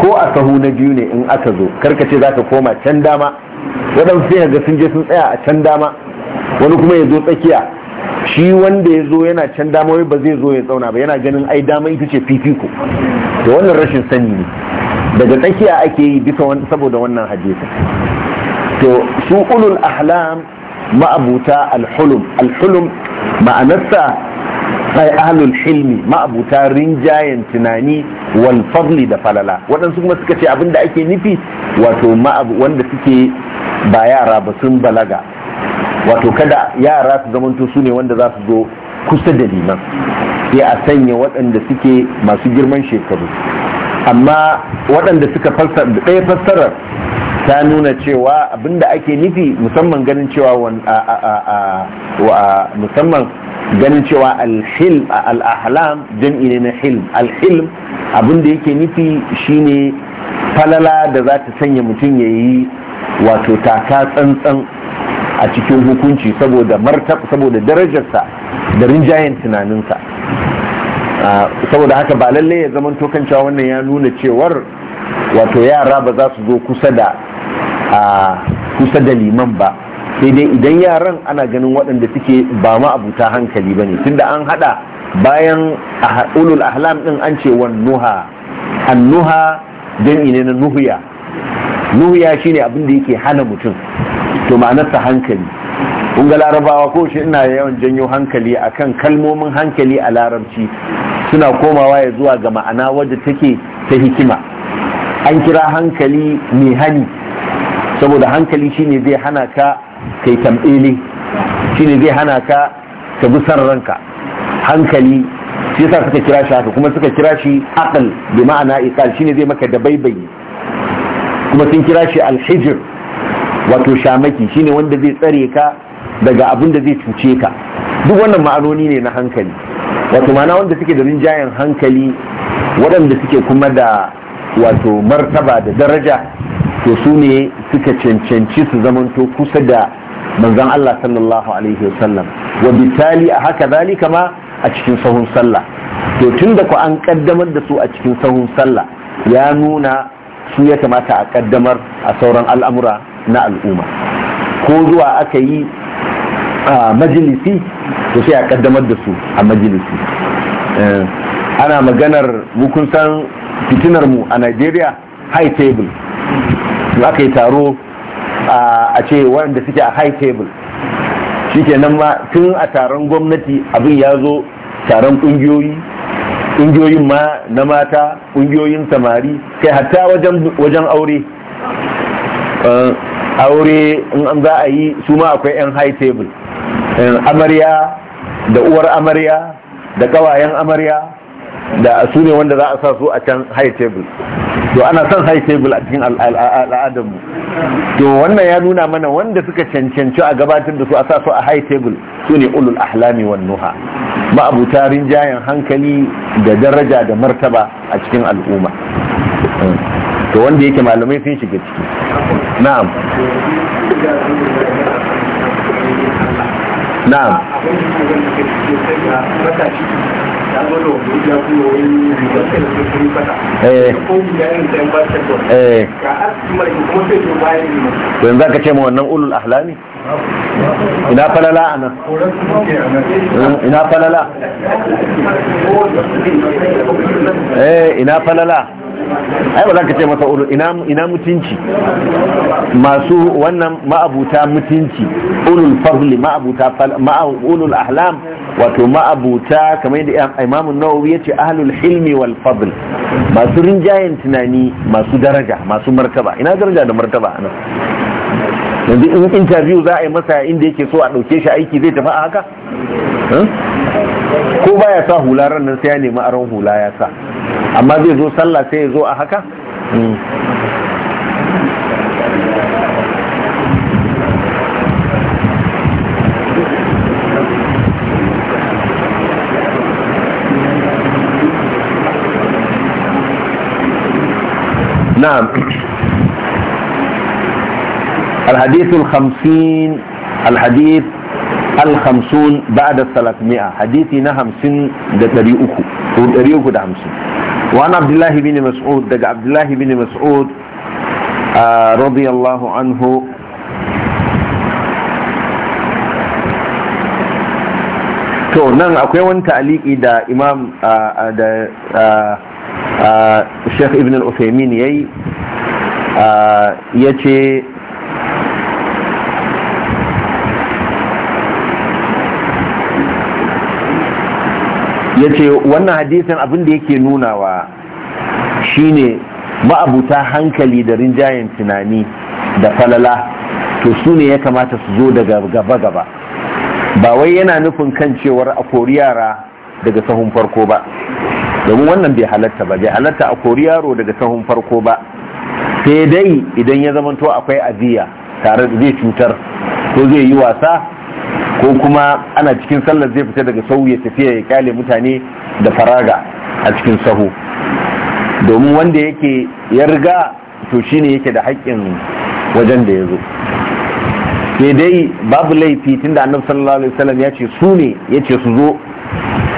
ko a sahu na biyu ne in aka zo karkace za ka koma can dama waɗansu sai ga sun je sun tsaya a can dama wani kuma ya zo tsakiya shi wanda ya zo yana can dama wai ba zai zo ya tsauna ba yana ganin ai dama ita ce fifiko to wannan rashin sani ne daga tsakiya ake yi bisa saboda wannan hadisi to su ulul ahlam ma'abuta alhulum alhulum ma'anarsa ai ahlul hilmi ma'abuta rinjayen tunani wal fadli da falala waɗansu kuma suka ce abinda ake nufi wato ma'abu wanda suke ba yara ba sun balaga wato kada yara su zamanto su ne wanda za su zo kusa da liman sai a sanya waɗanda suke masu girman shekaru amma waɗanda suka ɗaya fassarar ta nuna cewa abinda ake nufi musamman ganin cewa musamman ganin cewa al'ahlam jam'i ne na hilm alhilm abinda yake nufi shine falala da za ta sanya mutum ya yi wato taka tsantsan a cikin hukunci saboda martab saboda darajarsa da rinjayen tunaninsa saboda haka ba lalle ya zama tokan cewa wannan ya nuna cewar wato yara ba za su zo kusa da kusa da liman ba sai dai idan yaran ana ganin waɗanda suke ba ma abuta hankali ba ne tunda an haɗa bayan ah, ulul ahlam ɗin an ce wa nuha an nuha dan ne na nuhya nuhuya shine abin da yake hana mutum to ma'anarsa hankali kun ga larabawa ko shi ina yawan janyo hankali akan kalmomin hankali a larabci suna komawa ya zuwa ga ma'ana wadda take ta hikima an kira hankali mai hani saboda hankali shine zai hana ka kai tamɓele shine zai hana ka ka bi san ranka hankali shi yasa suka kira shi haka kuma suka kira shi aql bi ma'ana iqal shine zai maka da baibayi kuma sun kira shi alhijir wato shamaki shine wanda zai tsare ka daga abin da zai cuce ka duk wannan ma'anoni ne na hankali wato mana wanda suke da rinjayen hankali waɗanda suke kuma da wato martaba da daraja to su ne suka cancanci su zamanto kusa da manzan Allah sallallahu alaihi wasallam wa bitali a haka zalika kama a cikin sahun sallah to tun da ku an kaddamar da su a cikin sahun sallah ya nuna su ya kamata a kaddamar a sauran al'amura na al'umma ko zuwa aka yi majalisi to sai a kaddamar da su a majalisi eh, ana maganar kun san fitinar mu a Najeriya high table aka yi taro a ce wanda suke a high table shikenan ma tun a taron gwamnati abin ya zo taron kungiyoyi kungiyoyin ma na mata kungiyoyin samari kai hatta wajen aure eh, aure in an za a yi su ma akwai 'yan high table Eh, amarya da uwar amarya da kawayen amarya da su ne wanda za a sa su a can high table to ana son high table a cikin al'adarmu to wannan ya nuna mana wanda suka cancanci a gabatar da su a sa su a high table su ne ulul ahlami wan nuha ma'abuta rinjayen hankali da daraja da martaba a cikin al'umma eh, to wanda yake malamai sun shiga ciki na'am na'am eh. Eh. to yanzu aka ce ma wannan ulul ahlami ina falala a nan ina falala eh, ina falala ai ba za ka ce masa ulul ina mutunci masu wannan ma'abuta mutunci ulul fadli ma'abuta ulul ahlam wato ma'abuta kamar yadda imamu nawawi yace ahlul hilmi wal fadl masu rinjayen tunani masu daraja masu martaba ina daraja da martaba anan yanzu in interview za a yi masa inda yake so a ɗauke shi aiki zai tafi a haka ko baya sa hula ran sai ya nemi aron hula ya sa amma zai zo sallah sai ya zo a haka نعم الحديث الخمسين الحديث al-hamsun ba'da salatmi'a hadisi na hamsin da ɗari uku ɗari uku da hamsin wani abdullahi bin mas'ud daga abdullahi bin mas'ud radiyallahu anhu to nan akwai wani ta'aliki da imam da sheikh ibn al yayi ya ce ya ce wannan hadisin abin da yake nunawa shine ma'abuta hankali da rinjayen tunani da falala to su ne ya kamata su zo daga gaba-gaba ba wai yana nufin kan cewar a kori yara daga sahun farko ba domin wannan bai halatta ba bai halatta a kori yaro daga sahun farko ba sai dai idan ya zamanto akwai aziya tare da zai cutar ko zai yi wasa ko kuma ana cikin sallar zai fita daga sahu ya tafiya ya kyale mutane da faraga a cikin sahu domin wanda yake yarga riga to shine yake da haƙƙin wajen da ya zo sai dai babu laifi tunda annabi sallallahu alaihi wasallam ya ce su ne ya ce su zo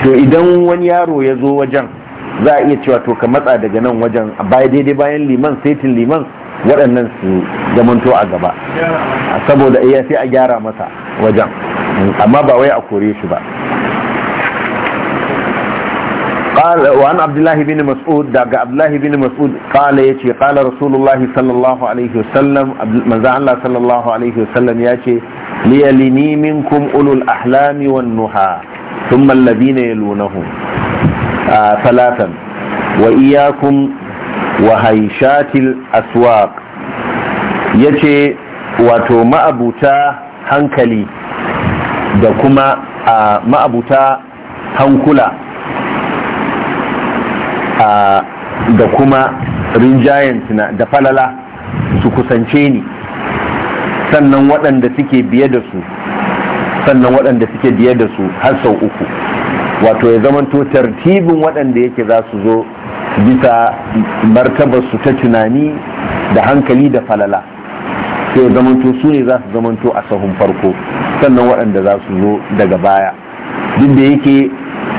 to idan wani yaro ya zo wajen za a iya cewa to ka matsa daga nan wajen a baya daidai bayan liman saitin liman waɗannan su zamanto a gaba saboda iya sai a gyara masa wajen amma ba wai a kore shi ba وعن عبد الله بن مسعود دعا عبد الله بن مسعود قال يتي قال رسول الله صلى الله عليه وسلم من الله صلى الله عليه وسلم يتي ليلني منكم أولو الأحلام والنهى ثم الذين يلونهم ثلاثا وإياكم wa haishatil aswaq yace wato ma'abuta hankali da kuma ma'abuta hankula da kuma rinjayen da falala su kusance ni sannan waɗanda suke biye da su sannan waɗanda suke biye da su har sau uku wato ya zamanto tartibin waɗanda yake za su zo bisa su ta tunani da hankali da falala sai zamanto su ne za su zamanto a sahun farko sannan waɗanda za su zo daga baya duk da yake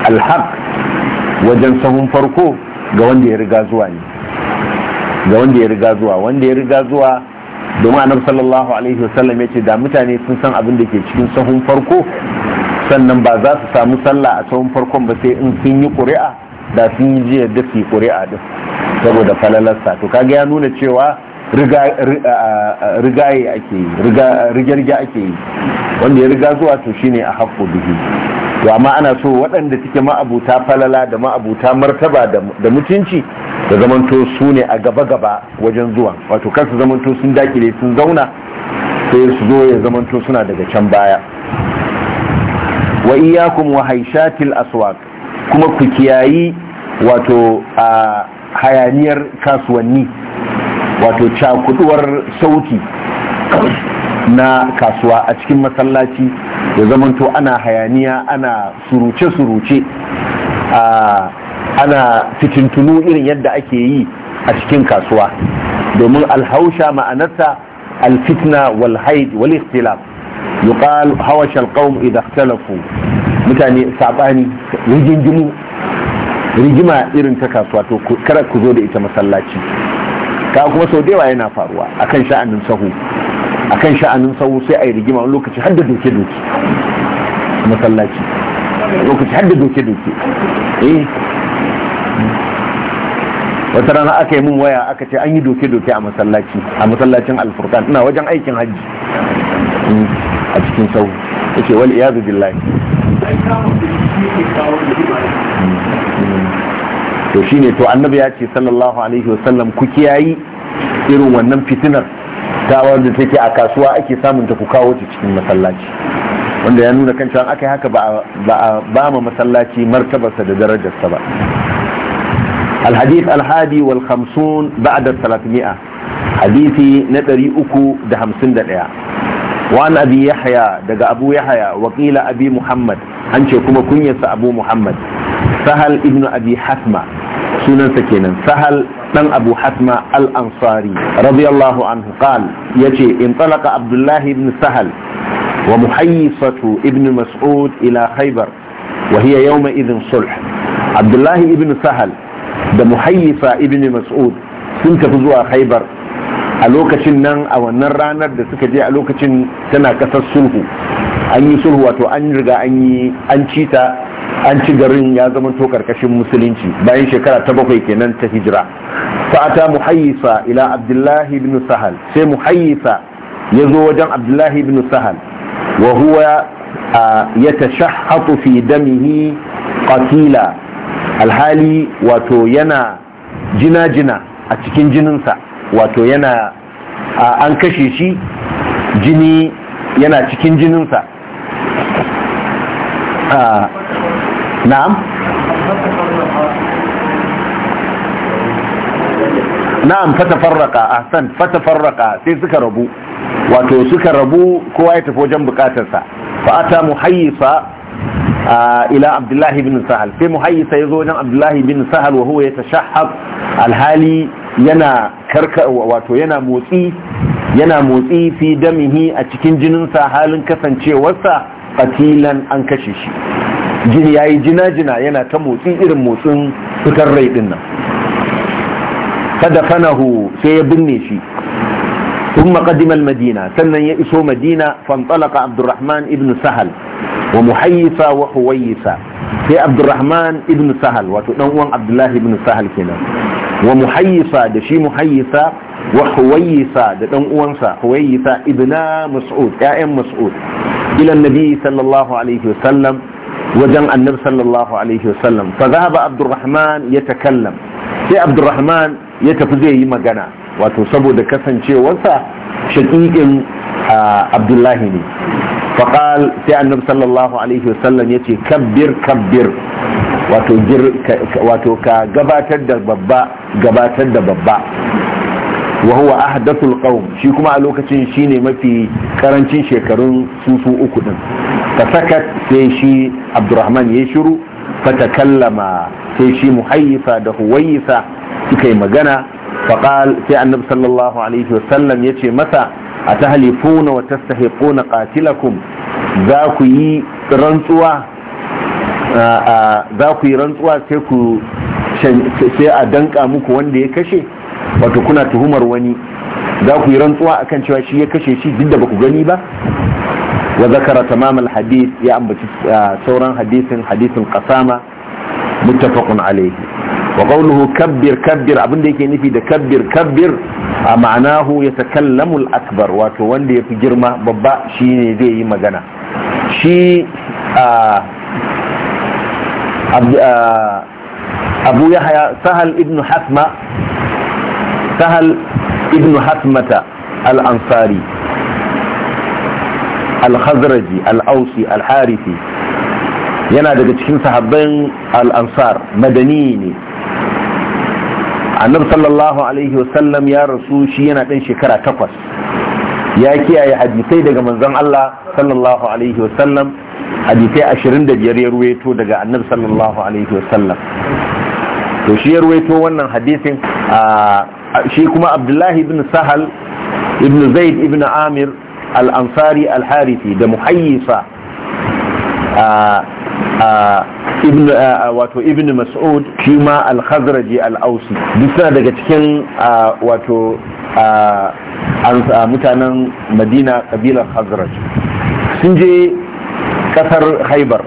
alhaq wajen sahun farko ga wanda ya riga zuwa ne ga wanda ya riga zuwa wanda ya riga zuwa domin annabi sallallahu alaihi wasallam ya ce da mutane sun san abin da ke cikin sahun farko sannan ba za su samu sallah a sahun farkon ba sai in sun yi ƙuri'a da sun yi jiya da su ƙuri'a din saboda falalarsa to kaga ya nuna cewa rigaye ake yi rigarge ake yi wanda ya riga zuwa to shine a haƙƙo bihi to amma ana so waɗanda suke ma'abuta falala da ma'abuta martaba da mutunci da zamanto su ne a gaba-gaba wajen zuwa wato kansu zamanto sun dakile sun zauna sai su zo ya zamanto suna daga can baya wa iyakum wa haishatil aswaq kuma ku kiyayi wato a hayaniyar kasuwanni wato cakuduwar sauti na kasuwa a cikin masallaci ya zamanto ana hayaniya ana suruce-suruce ana fitintunu irin yadda ake yi a cikin kasuwa domin alhausha ma'anarsa alfitna walhaid walistila wal ikhtilaf yuqal hawasha alqawm idha mutane sabani rigingimu rigima irin ta kasuwa to kada ku zo da ita masallaci ka kuma sau da yawa yana faruwa akan sha'anin sahu akan sha'anin sahu sai a yi rigima wani lokaci har da doke doke masallaci lokaci har da doke doke eh wata rana aka yi min waya aka ce an yi doke doke a masallaci a masallacin alfurkan ina wajen aikin hajji hmm. a cikin sahu ake wal iyazu billahi to shi ne to annabi ya ce sallallahu alaihi wasallam ku kiyayi irin wannan fitinar ta wanda take a kasuwa ake samun ta ku kawo ta cikin masallaci wanda ya nuna kan aka yi haka ba a ba ma masallaci martabarsa da darajarsa ba Alhadi الحديث الحادي والخمسون na الثلاثمائة حديثي da أكو دهمسن دقيقة وعن أبي يحيى daga abu يحيى wakila abi muhammad. an ce kuma kunyarsa abu muhammad sahal ibnu abi hasma sunansa kenan sahal dan abu hasma al-ansari radiyallahu anhu qal yace in talaka abdullah ibn sahal wa muhayyisatu ibn mas'ud ila khaybar wa hiya yawma idhin sulh abdullah ibn sahal da muhayyisa ibn mas'ud sun tafi zuwa khaybar a lokacin nan a wannan ranar da suka je a lokacin tana kasar sulhu an yi sulhu wato an riga an yi an cita an ci garin ya zama to karkashin musulunci bayan shekara ta bakwai kenan ta hijira fa'ata muhayyisa ila abdullahi ibn sahal sai muhayyisa ya zo wajen abdullahi ibn sahal wa huwa ya tashahhatu fi damihi qatila alhali wato yana jina-jina a cikin jininsa wato yana an kashe shi jini yana cikin jininsa na'am na'am fatafarraka fata fatafarraka sai suka rabu wato suka rabu kowa ya tafi wajen bukatarsa fa'ata mu hayyisa ila abdullahi bin بن sai muhayyisa ya zo wajen abdullahi bin sahal wa huwa yatashahhab alhali yana karka wato yana motsi yana motsi fi damihi a cikin jininsa halin kasancewarsa fatilan an kashe shi jini yayi jina-jina yana ta motsi irin motsin fitar rai din nan fadafanahu sai ya binne shi ثم قدم المدينة سنة يئسوا مدينة فانطلق عبد الرحمن ابن سهل ومحيصة وحويصة في عبد الرحمن ابن سهل وتنوان عبد الله ابن سهل كنا ومحيصة دشي محيصة وحويصة دتنوانسة حويصة ابن مسعود يا ام مسعود إلى النبي صلى الله عليه وسلم وجمع النبي صلى الله عليه وسلم فذهب عبد الرحمن يتكلم في عبد الرحمن يتفزيه مجنى wato saboda kasancewarsa shaƙiƙin abdullahi ne faƙal sai annabi sallallahu alaihi wasallam ya ce kabbir kabbir wato ka gabatar da babba gabatar da babba wa huwa ahdathul shi kuma a lokacin shine mafi karancin shekarun susu uku din Ka saka sai shi abdurrahman ya shiru fa takallama sai shi muhayyifa da huwayyifa suka yi magana faƙal sai annabi sallallahu alaihi wasallam ya ce masa a ta halifuna wa tastahiquna qatilakum za ku yi rantsuwa sai a danka muku wanda ya kashe wato kuna tuhumar wani za ku yi rantsuwa akan cewa shi ya kashe shi duk da baku gani ba wa zakara mamal al-hadith ya ambaci sauran hadisin hadisin qasama muttafaqun alayhi wa qawluhu kabbir kabbir abinda yake nufi da kabbir kabbir a ma'anahu yatakallamu al-akbar wato wanda yafi girma babba shine zai yi magana shi abu yahya sahal ibn hasma sahal ibn hasmata al-ansari al-khazraji al-ausi al-harifi yana daga cikin sahabban al-ansar madani ne annabi sallallahu alaihi wasallam ya rasu shi yana ɗan shekara takwas ya kiyaye hadisai daga manzon Allah sallallahu alaihi wasallam hadisai ashirin da biyar ya ruweto daga annabi sallallahu alaihi wasallam to shi ya ruweto wannan hadisin shi kuma abdullahi ibn sahal ibn zaid ibn amir al-ansari al-harithi da muhayyisa ibn uh, uh, wato ibn mas'ud shi ma al-khazraji al-ausi duk suna daga cikin uh, wato mutanen madina kabilar khazraj sun je kasar haibar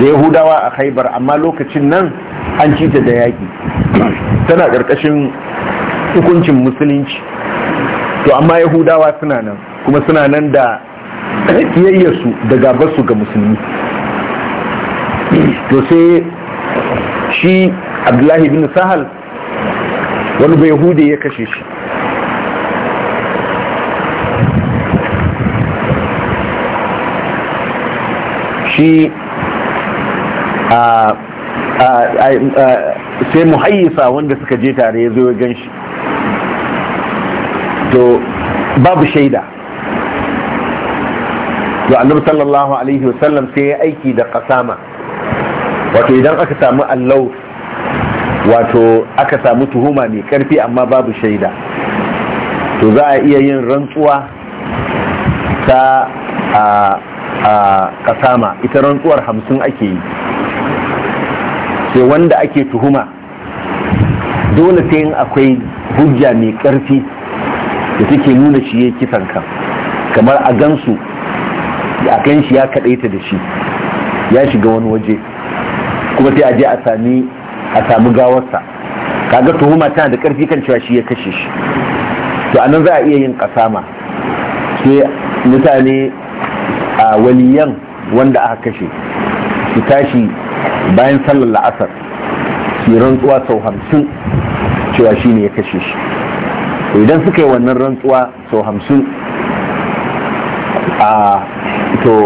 da yahudawa a haibar amma lokacin nan an cita da yaƙi tana ƙarƙashin hukuncin musulunci to amma yahudawa suna nan kuma suna nan da ƙiyayyarsu da gabarsu ga musulmi to sai shi abdullahi bin sahal wani bai hude ya kashe shi shi sai muhayyisa wanda suka je tare ya zo ya gan shi to babu shaida to annabi sallallahu alaihi wasallam sai ya aiki da kasama wato idan aka samu allau wato aka samu tuhuma mai karfi amma babu shaida to za a iya yin rantsuwa ta a kasama ita rantsuwar hamsin ake yi sai wanda ake tuhuma dole sai yin akwai hujja mai karfi da take nuna shi ya kisan kan kamar a gansu a kan shi ya kaɗaita da shi ya shiga wani waje kuma sai a je a sami a sami gawarsa kaga tuhuma tana da karfi kan cewa shi ya kashe shi to anan za a iya yin kasama sai mutane a waliyan wanda aka kashe su tashi bayan sallar la'asar su rantsuwa sau hamsin cewa shi ne ya kashe shi idan suka yi wannan rantsuwa sau hamsin a to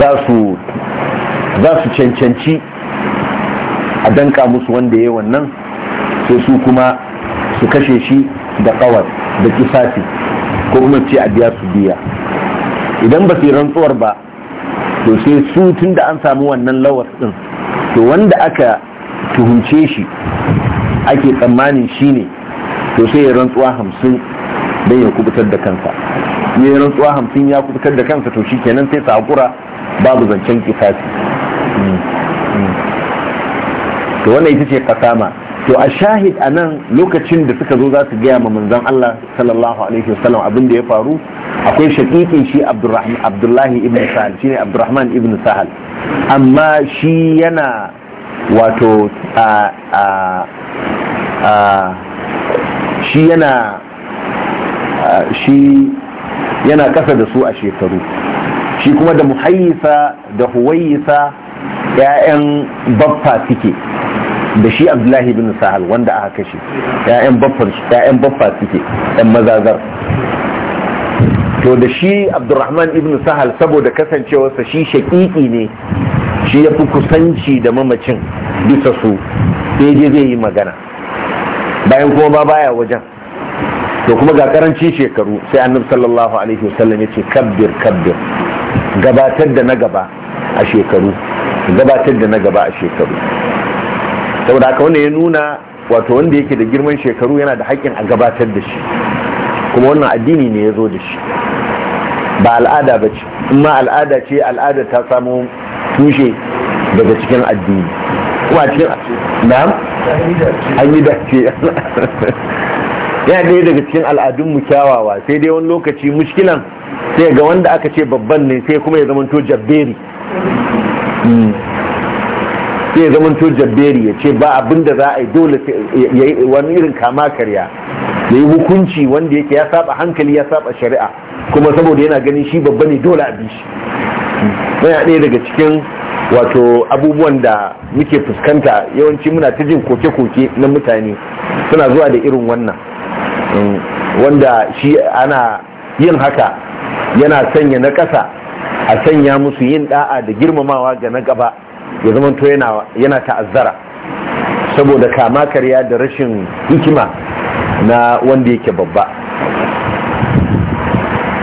za su za su cancanci a danka musu wanda ya wannan sai su kuma su kashe shi da kawar da kisasi ko kuma ce a biya su biya idan ba su rantsuwar ba to sai su tun da an samu wannan lawar din to wanda aka tuhunce shi ake tsammanin shi ne to sai ya rantsuwa hamsin don ya kubutar da kansa ya rantsuwa hamsin ya kubutar da kansa to shi kenan sai sa hakura babu zancen kisasi to wannan ita ce kasama to a shahid a nan lokacin da suka zo za su gaya ma manzon Allah sallallahu alaihi wasallam abin da ya faru akwai shakikin shi abdullahi ibn sahal shine abdurrahman ibn sahal amma shi yana wato shi yana shi yana kasa da su a shekaru shi kuma da muhayyisa da huwayisa 'ya'yan baffa suke da shi abdullahi bin sahal wanda aka kashe ya'yan baffa suke yan mazazar to da shi abdurrahman ibn sahal saboda kasancewarsa shi shaƙiƙi ne shi ya fi kusanci da mamacin bisa su sai je zai yi magana bayan kuma ba baya wajen to kuma ga karanci shekaru sai annabi sallallahu alaihi wasallam ya ce kabbir kabbir gabatar da na gaba a shekaru ka gabatar da na gaba a shekaru saboda haka wanda ya nuna wato wanda yake da girman shekaru yana da haƙƙin a gabatar da shi kuma wannan addini ne ya zo da shi ba al'ada ba ce in ma al'ada ce al'ada ta samu tushe daga cikin addini kuma cikin na'am an yi dace yana ɗaya daga cikin al'adun mu kyawawa sai dai wani lokaci mushkilan sai ga wanda aka ce babban ne sai kuma ya zama to jabberi sai ya zama jabberi ya ce ba abin da za a yi dole wani irin kama karya ya yi hukunci wanda yake ya saba hankali ya saba shari'a kuma saboda yana ganin shi babba ne dole a bishi yana ɗaya daga cikin wato abubuwan da muke fuskanta yawanci muna ta jin koke-koke na mutane suna zuwa da irin wannan wanda shi ana yin haka yana sanya na ƙasa a sanya musu yin da'a da girmamawa ga na gaba ya zama to yana ta'azzara saboda kama karya da rashin hikima na wanda yake babba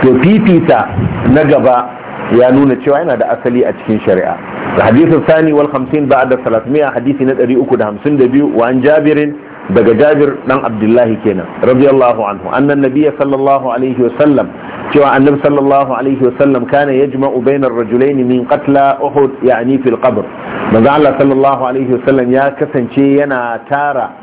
to fifita na gaba ya nuna cewa yana da asali a cikin shari'a da hadisin sani wal 50 ba'da 300 hadisi na 352 wa an jabirin daga jabir dan abdullahi kenan radiyallahu anhu annan nabiyya sallallahu alaihi wasallam cewa annabi sallallahu alaihi wasallam kana yajma'u bainar rajulaini min qatla uhud yani fil qabr manzo Allah sallallahu alaihi wasallam ya kasance yana tara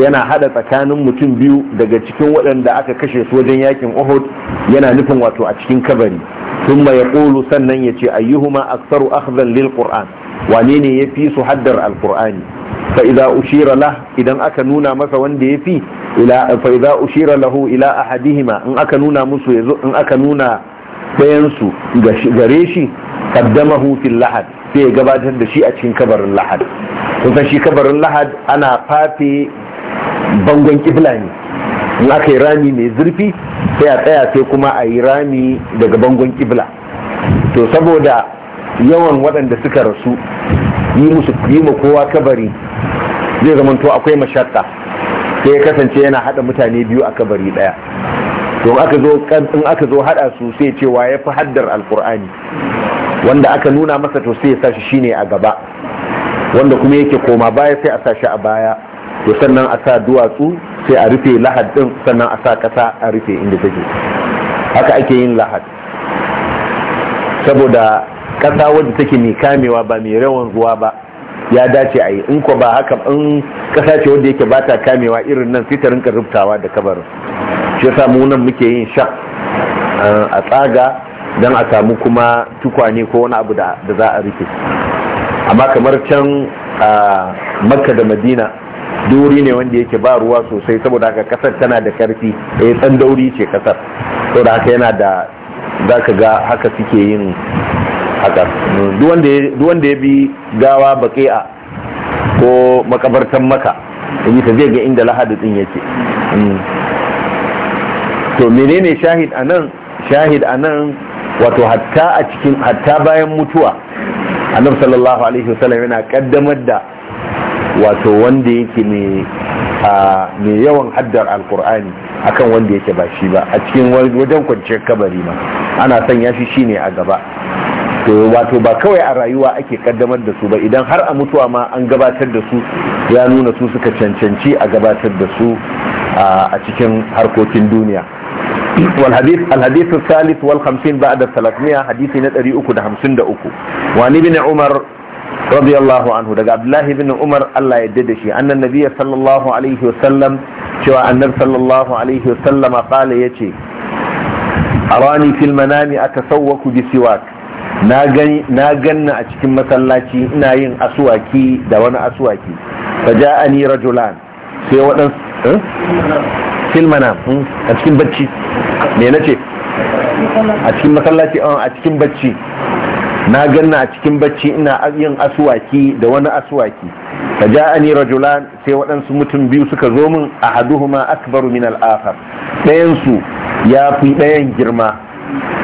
yana hada tsakanin mutum biyu daga cikin waɗanda aka kashe su wajen yakin uhud yana nufin wato a cikin kabari ثم يقول sannan yace ayyuhuma aktsaru akhdhan lil qur'an wane ne yafi su haddar alqur'ani fa idza ushira lah idan aka nuna masa wanda yafi ila fa idza ushira lahu ila ahadihima in aka nuna musu yazo in aka nuna dayan su gare shi qaddamahu fil lahad sai gabatar da shi a cikin kabarin lahad kun san shi kabarin lahad ana fafe bangon kibla ne in aka yi rami mai zurfi sai a tsaya sai kuma a yi rami daga bangon kibla to saboda yawan waɗanda suka rasu yi musu yi ma kowa kabari zai zamanto akwai mashakka sai ya kasance yana hada mutane biyu a kabari daya to aka zo in aka zo hada su sai cewa ya fi haddar alkur'ani wanda aka nuna masa to sai ya shine a gaba wanda kuma yake koma baya sai a sashi a baya to sannan a sa duwatsu sai a rufe lahad din sannan a sa kasa a rufe inda take haka ake yin lahad saboda ƙasa wadda take mai kamewa ba mai rawan ruwa ba ya dace a yi in ko ba haka in ƙasa ce wadda yake ba ta kamewa irin nan sai ta rinka rubtawa da kabarin shi yasa mu nan muke yin sha a tsaga don a samu kuma tukwane ko wani abu da za a rike amma kamar can a makka da madina duri ne wanda yake ba ruwa sosai saboda haka kasar tana da karfi eh ɗan dauri ce kasar saboda haka yana da za ka ga haka suke yin haka duk wanda ya bi gawa a ko makabartan maka yi ta zai ga inda lahadu din yake mm. to menene shahid anan shahid nan wato hatta a cikin hatta bayan mutuwa annabi sallallahu alaihi wasallam yana kaddamar da wato wanda yake ne mai yawan haddar alkur'ani akan wanda yake ba shi ba a cikin wajen kwanciyar kabari ma ana sanya shi ne a gaba wato ba kawai a rayuwa ake kaddamar da su ba idan har a mutuwa ma an gabatar da su ya nuna su suka cancanci a gabatar da su a cikin harkokin duniya alhadithun salif wal hamsin ba da salatmiya hadithi na 353 wani bin umar radiyallahu anhu daga abdullahi bin umar allah ya dade shi annan nabiya sallallahu alaihi wa sallam) cewa annar sallallahu alaihi wa wasallama kala ya ce a rani fil manami a tasawwaku bi siwak na ganna a cikin masallaci ina yin asuwaki da wani asuwaki fa ja'ani rajulan sai waɗansu eh? filmana hmm? a cikin bacci me na ce a cikin masallaci oh, a cikin bacci na ganna a cikin bacci ina yin asuwaki da wani asuwaki fa ja'ani rajulan sai waɗansu mutum biyu suka zo min ahaduhuma akbaru min al-akhar ɗayan ya fi ɗayan girma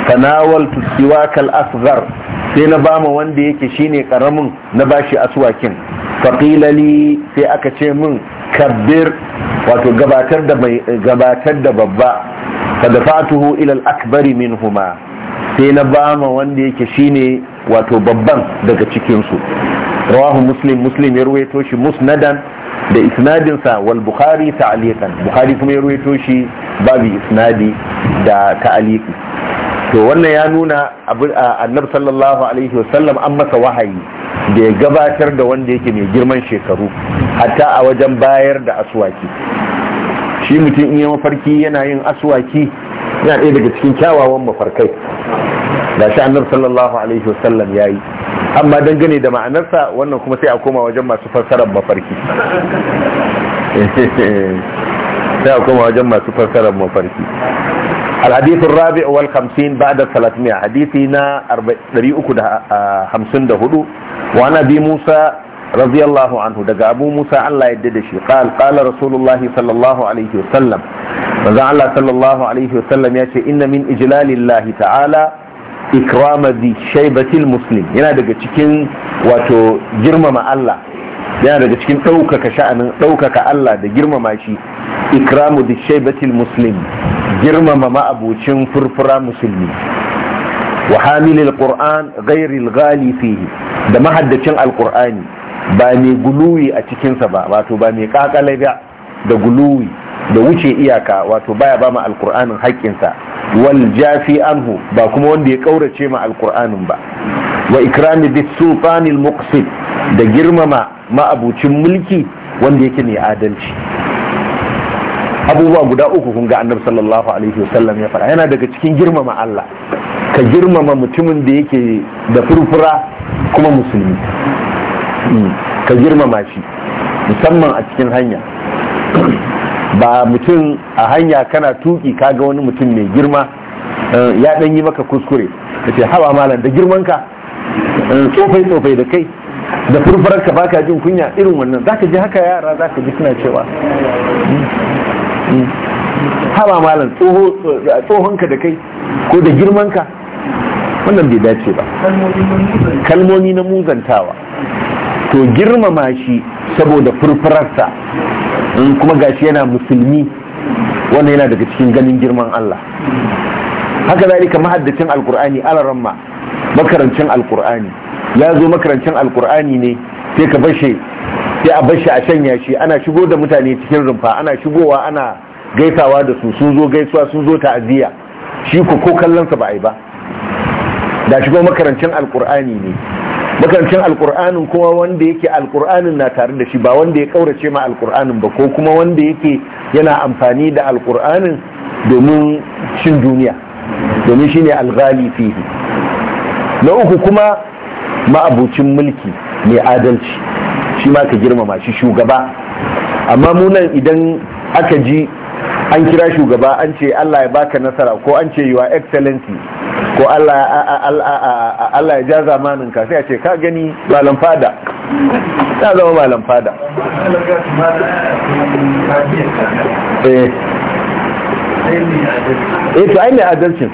tanawaltu siwakal asghar sai na bama wanda yake shine karamin na bashi aswakin faqila li sai aka ce min kabbir wato gabatar da gabatar da babba fadafatuhu ila al-akbar minhuma sai na bama wanda yake shine wato babban daga cikin su rawahu muslim muslim ya ruwaito shi musnadan da isnadinsa wal bukhari ta'liqan bukhari kuma ya ruwaito shi babu isnadi da ta'liqi to wannan ya nuna annab sallallahu alaihi wasallam an masa wahayi da ya gabatar da wanda yake mai girman shekaru hatta a wajen bayar da aswaki shi mutum in yi mafarki yana yin aswaki yana ɗaya daga cikin kyawawan mafarkai da shi annar sallallahu alaihi wasallam ya yi amma dangane da ma'anarsa wannan kuma sai a koma wajen masu fassarar mafarki sai a koma wajen masu fassarar mafarki الحديث الرابع والخمسين بعد الثلاثمائة حديثنا ريؤك خمسين دهدو وعن أبي موسى رضي الله عنه دقى أبو موسى الله يددشي قال قال رسول الله صلى الله عليه وسلم فذا الله صلى الله عليه وسلم يأتي إن من إجلال الله تعالى ikrama di shaibatil muslim yana daga cikin wato girmama Allah yana daga cikin ɗaukaka sha'anin ɗaukaka Allah da girmama shi ikramu di shaibatil muslim girmama ma'abucin furfura musulmi wa hamilil qur'an ghairil ghali fihi da mahaddacin alqur'ani ba mai guluwi a cikinsa ba wato ba mai kakalai ba da guluwi da wuce iyaka wato baya ba ma alkur'anin haƙƙinsa wal jafi anhu ba kuma wanda ya ƙaurace ma alkur'anin ba wa ikrami bis sultanil muqsid da girmama ma'abucin mulki wanda yake ne adalci abubuwa guda uku kun ga annabi sallallahu alaihi wasallam ya faɗa yana daga cikin girmama Allah ka girmama mutumin da yake da furfura kuma musulmi hmm. ka girmama shi musamman a cikin hanya ba mutum a hanya kana tuki kaga wani mutum mai girma eh, ya dan yi maka kuskure ka ce hawa malam da girmanka eh, tsofai tsofai da kai da furfararka baka jin kunya irin wannan zaka ji haka yara zaka ji suna cewa hmm, hmm, hawa malam tsohonka da kai ko da girmanka wannan bai dace ba kalmomi na muzantawa to girmama shi saboda furfurarsa in kuma gashi yana musulmi wannan yana daga cikin ganin girman Allah haka zalika mahaddacin alkur'ani alaramma makarancin alkur'ani ya zo makarancin alkur'ani ne sai ka bashe sai a bashe a shanya shi ana shigo da mutane cikin rumfa ana shigowa ana gaisawa da su sun zo gaisuwa sun zo ta'aziyya shi ko ko kallon sa ba ai ba da shigo makarancin alkur'ani ne makarancin alkur'anin kuma wanda yake alkur'anin na tare da shi ba wanda ya kaurace ma alkur'anin ba ko kuma wanda yake yana amfani da alkur'anin domin cin duniya domin shi ne alghali fihi na uku kuma ma'abucin mulki mai adalci shi ma ka girmama shi shugaba amma munan idan aka ji an kira shugaba an ce Allah ya baka nasara ko an ce yiwa excellency ko Allah ya ja zamanin ka sai a ce ka gani malam fada ta zama malam fada eh, eh to ai mai adalcin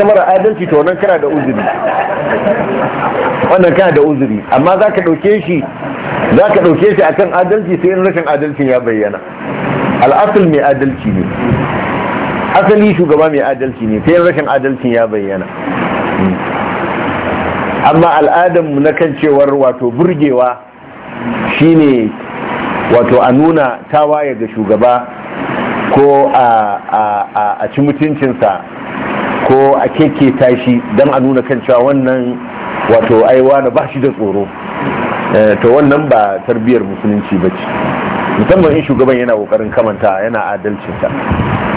zama da adalci to wannan kana da uzuri wannan kana da uzuri amma za ka ɗauke shi za ka ɗauke shi akan adalci sai in rashin adalcin ya bayyana al'asul mai adalci ne asali shugaba mai adalci ne sai rashin adalci ya bayyana amma al'adanmu na kan cewar wato burgewa shine wato a nuna tawaye ga shugaba ko a ci mutuncinsa ko a keke tashi don a nuna kan cewa wannan wato aiwa na ba shi da tsoro eh, to wannan ba tarbiyar musulunci ba ce musamman in shugaban yana kokarin kamanta yana ta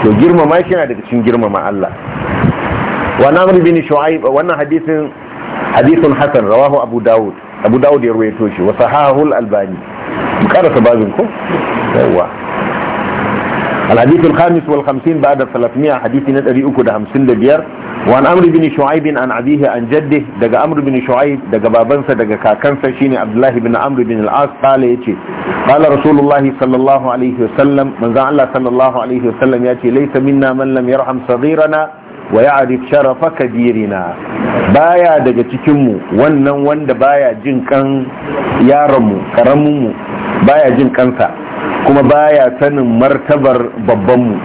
to girmama shi yana daga cikin girmama Allah wa namr bin shu'aib wannan hadisin hadithun hasan rawahu abu daud abu daud ya rawaito shi wa sahahul albani karasa bazin ku yawa الحديث الخامس khamis wal الثلاثمائة ba'da 300 أكد همسن لبير وعن أمر بن شعيب عن أبيه عن جده دقى أمر بن شعيب دقى بابنسا دقى كاكنسا شيني عبد الله بن أمر بن العاص قال يتي قال رسول الله صلى الله عليه وسلم من زعل الله صلى الله عليه وسلم يأتي ليس منا من لم يرحم صغيرنا ويعرف شرف كبيرنا بايا دقى تكمو ونن وند بايا جنكن يارمو كرممو بايا جنكنسى كما بايا سنم مرتبر ببمو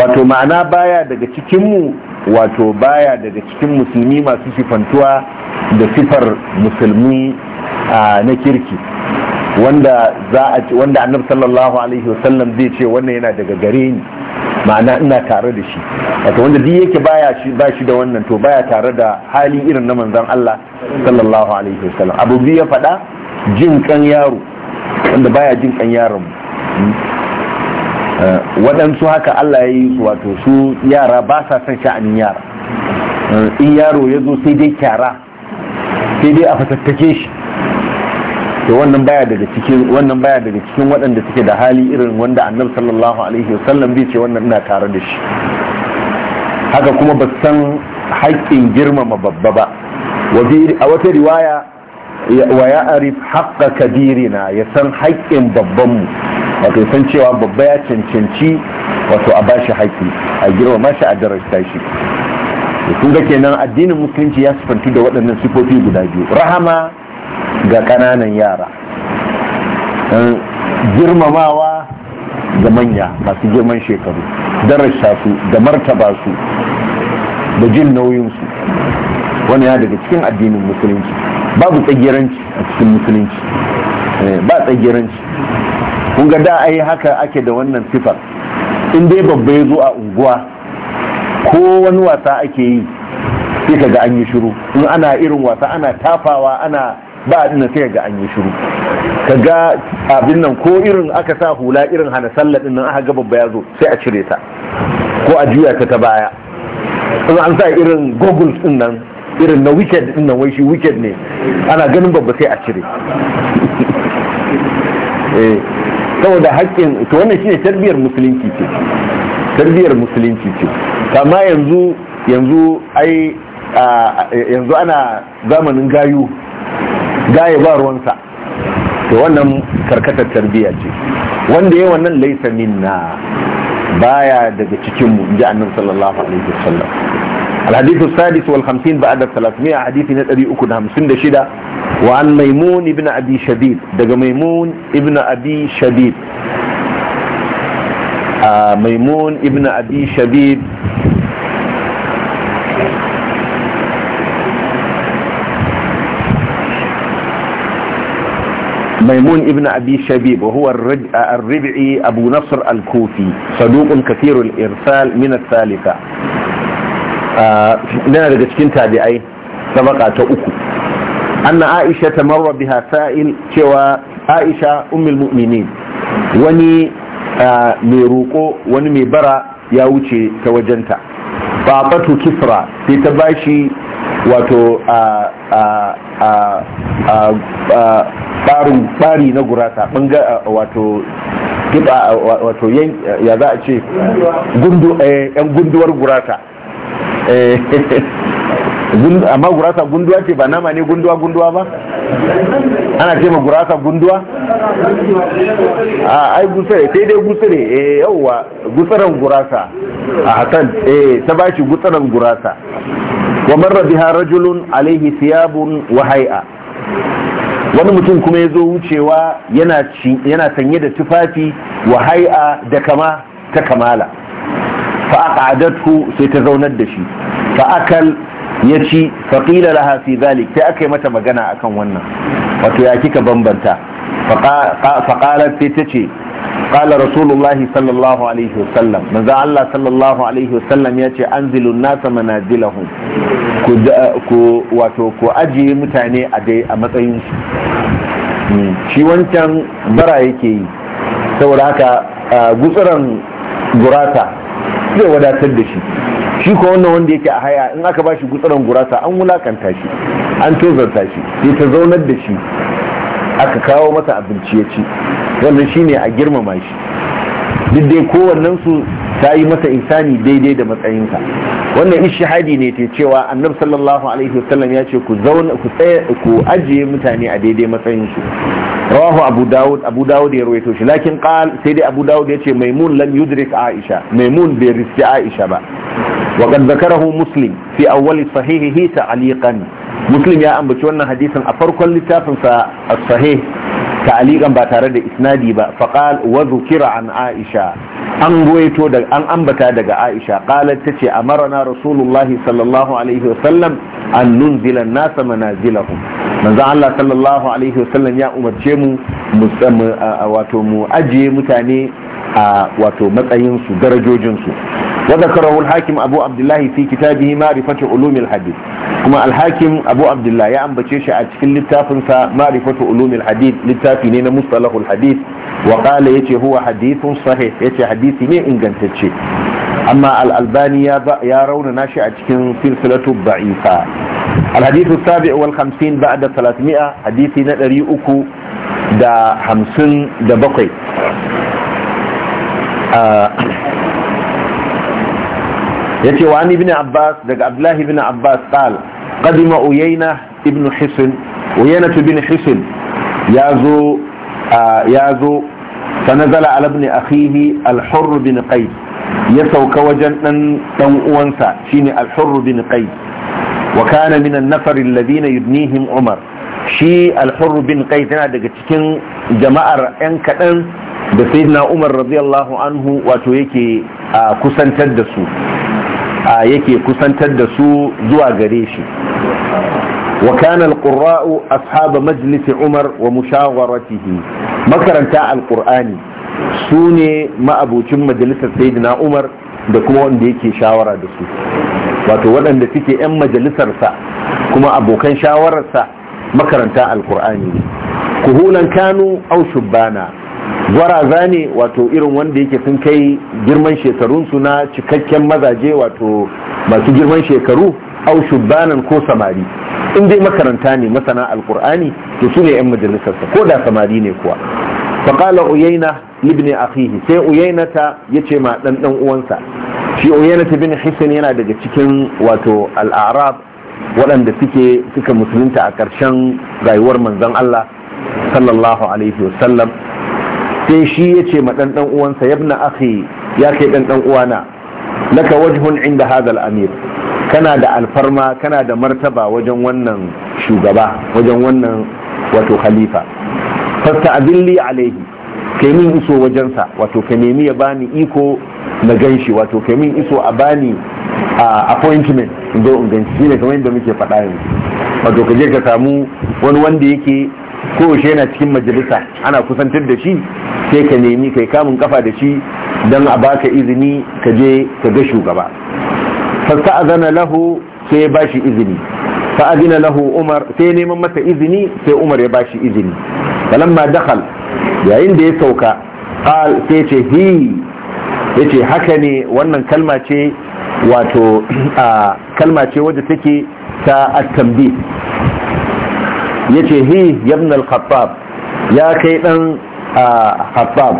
wato ma'ana baya daga cikinmu wato baya daga cikin musulmi masu sifantuwa da sifar musulmi na kirki wanda za a wanda annabi sallallahu alaihi wasallam zai ce wannan yana daga gare ni ma'ana ina tare da shi wato wanda duk yake baya shi ba shi da wannan to baya tare da hali irin na manzon Allah sallallahu alaihi wasallam abu biyu ya faɗa jin kan yaro wanda baya jin kan yaron hmm? Eh, waɗansu haka Allah ya yi wato su yara ba sa son sha'anin yara eh, in yaro ya zo sai dai kyara sai dai a fatattake shi to wannan baya daga cikin wannan baya daga cikin waɗanda suke da hali irin wanda annabi sallallahu alaihi wasallam bai ce wannan ina tare da shi haka kuma ba san haƙƙin girmama babba ba a wata riwaya wa ya arif kabirina ya san haƙƙin babban mu. wato san cewa babba ya cancanci wato a bashi haƙƙi a girma shi a darasta shi kun ga kenan addinin musulunci ya sifantu da waɗannan sifofi guda biyu rahama ga ƙananan yara girmamawa ga manya masu girman shekaru darasta su da martaba su da jin nauyinsu wani ya daga cikin addinin musulunci babu tsagiranci a cikin musulunci eh, ba tsagiranci kun ga da ai haka ake da wannan sifar in dai babba ya zo a unguwa ko wani wasa ake yi sai ka ga an yi shiru in ana irin wasa ana tafawa ana ba a dina sai ga an yi shiru ka ga abin nan ko irin aka sa hula irin hana sallah din nan aka ga babba ya zo sai a cire ta ko a juya ta ta baya in an sa irin goggles din nan irin na wicked din nan wai shi wicked ne ana ganin babba sai a cire eh. saboda haƙƙin to wannan shine tarbiyar musulunci ce tarbiyar musulunci ce kama yanzu yanzu ai yanzu ana zamanin gayu gaye ba ruwansa to wannan karkatar tarbiya ce wanda yawan wannan laisa minna baya daga cikin mu inji annabi sallallahu alaihi wasallam الحديث السادس والخمسين بعد الثلاثمائة حديث نتري أكد همسن شدة وعن ميمون ابن أبي شديد دق ميمون ابن أبي شديد آه، ميمون ابن أبي شديد ميمون ابن أبي شبيب وهو الربعي أبو نصر الكوفي صدوق كثير الإرسال من الثالثة yana daga cikin tabi'ai baka ta uku anna aisha ta marwa biha sa'il cewa aisha ummul mu'minin wani mai roƙo wani mai bara ya wuce ta wajenta babatu kisra sai ta bashi wato a ɓari na gurasa wato ya za a ce yan gunduwar gurasa Eh. amma gurasa gunduwa ce ba nama ne gunduwa gunduwa ba ana ce ma gurasa gunduwa a ah, ai gusare sai dai gusare eh yawwa gusaran gurasa a hatan eh ta bashi gusaran gurasa wa marra biha rajulun alaihi thiyabun wa hay'a wani mutum kuma ya zo wucewa yana sanye da tufafi wa hay'a da kama ta kamala fa aqadathu sai ta zaunar da shi fa akal ya ci qila laha fi zalik sai aka yi mata magana akan wannan wato ya kika bambanta qalat sai ta ce ƙala rasulullah sallallahu alaihi wasallam manzan allah sallallahu alaihi wasallam ya ce an nasa manazilahum ku wato ku ajiye mutane a matsayinsu shi wancan bara yake yi saboda haka gutsuran gurata zai wadatar da shi shi ko wannan wanda yake a haya in aka bashi gutsaran gurasa an wulakanta shi an tozarta shi sai ta zaunar da shi aka kawo masa abinci ya ci wannan shine a girmama shi duk dai kowannen su ta yi masa insani daidai da matsayinsa wannan ishihadi ne ta cewa annabi sallallahu alaihi wasallam ya ce ku zauna ku tsaye ku ajiye mutane a daidai matsayin su rawahu abu dawud abu dawud ya rawaito shi lakin qal sai dai abu dawud ya ce maimun lam yudrik aisha maimun bai riski aisha ba wa qad zakarahu muslim fi awwal sahihihi ta'liqan muslim ya ambaci wannan hadisin a farkon littafinsa sa sahih ta'aliqan ba tare da isnadi ba faqal wa dhukira an aisha an goyeto da an ambata daga aisha qalat tace amarna rasulullah sallallahu alaihi wasallam an nunzila an-nas manazilahum manzo Allah sallallahu alaihi sallam ya umarce mu wato mu ajiye mutane a wato matsayin su darajojin su وذكره الحاكم أبو عبد الله في كتابه معرفة علوم الحديث كما الحاكم أبو عبد الله يا أم بتشيش أتكل لتافنسا معرفة علوم الحديث لتافنين مصطلح الحديث وقال يتي هو حديث صحيح يتي حديث مين إن أما الألباني يا رون ناشئ أتكل سلسلة ضعيفة الحديث السابع والخمسين بعد ثلاثمائة حديث نتري أكو دا خمسين دا بقي آه ya ce wa ni bini abbas daga abdullahi bin abbas tsal kadima uyayna ibn hussein uyayna tu bini ya zo ta nazala alabni a fihi alhurru bin kai ya sauka wajen dan uwansa shine ne bin kai wa kana min nafarin labina yudnihim umar shi alhurru bin kai tana daga cikin jama'ar 'yan kaɗan da sayyidina umar radiyallahu anhu wato yake kusantar da su A yake kusantar da su zuwa gare shi وكان القراء ashaba مجلس umar wa mushawaratihi makaranta alƙur'ani su ne تم majalisar سيدنا Umar da kuma wanda yake shawara da su wato waɗanda suke 'yan majalisarsa kuma abokan shawararsa makaranta alkur'ani kuhulan kanu au shubbana gwaraza ne wato irin wanda yake sun kai girman shekarunsu na cikakken mazaje wato masu girman shekaru au shubbanan ko samari in dai makaranta ne masana alkur'ani to su ne 'yan majalisarsa ko da samari ne kuwa faƙala uyaina ibn akhihi sai uyaina ta ya ce ma ɗan uwansa shi uyaina ta bin hisan yana daga cikin wato al'arab waɗanda suke suka musulunta a ƙarshen rayuwar manzon allah sallallahu alaihi wasallam sai shi ya ce ma ɗanɗan uwansa ya na akhi ya kai ɗan ɗan uwana laka wajhun inda hadal amir kana da alfarma kana da martaba wajen wannan shugaba wajen wannan wato khalifa fasta azilli alaihi ke min iso wajensa wato ka nemi ya bani iko na ganshi wato ka min iso a bani appointment zo in ganshi ne kamar yadda muke faɗa yanzu wato ka je ka samu wani wanda yake ko shi yana cikin majalisa ana kusantar da shi sai ka nemi kai kamun kafa da shi don a baka izini ka je ka ga shugaba fasta azana lahu sai ya bashi izini fa azina lahu umar sai neman masa izini sai umar ya bashi izini falamma dakhal yayin da ya sauka qal sai ce hi yace haka ne wannan kalma ce wato kalma ce wadda take ta at yace hi yabn al-khattab ya kai dan khattab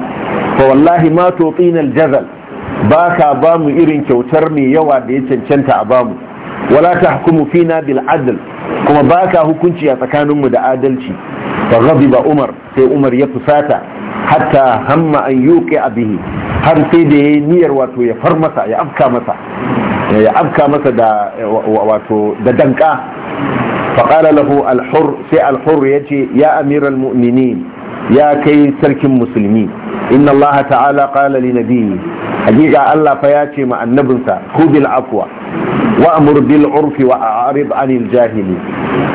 fa wallahi ma tuqina al-jazal baka ba mu irin kyautar mai yawa da ya cancanta a bamu wala tahkumu fina bil adl kuma baka hukunci a tsakaninmu da adalci fa ghadiba umar sai umar ya fusata hatta hamma an yuqi bihi har sai da yayi niyyar wato ya far masa ya afka masa ya afka masa da wato da danka faƙara lahu alhur sai alhur ya ce ya amiral mu'minin ya kai sarkin musulmi inna allaha ta'ala qala li nabiyyi hakika allah fa ya ce ma annabinsa kubil akwa. wa amur bil urfi wa a'rid anil jahili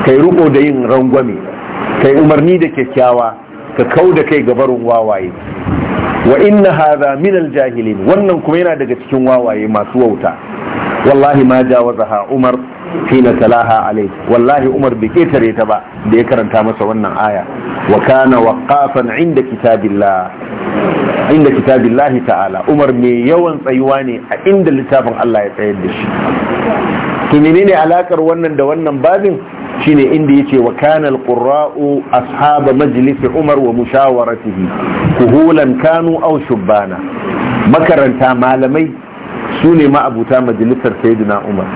kai riko da yin rangwame kai umarni da kyakkyawa ka kau da kai gabarin wawaye wa inna hadha min jahilin wannan kuma yana daga cikin wawaye masu wauta wallahi ma ja wazaha umar na talaha alai wallahi umar bai ketare ta ba da ya karanta masa wannan aya wa kana inda kitabillah inda ta'ala umar mai yawan tsayuwa ne a inda littafin Allah ya tsayar da shi to ne alakar wannan da wannan babin shine inda yace wa kana alqurra'u ashab majlis umar wa mushawaratihi kuhulan kanu au shubbana makaranta malamai su ne ma'abuta majalisar sayyidina umar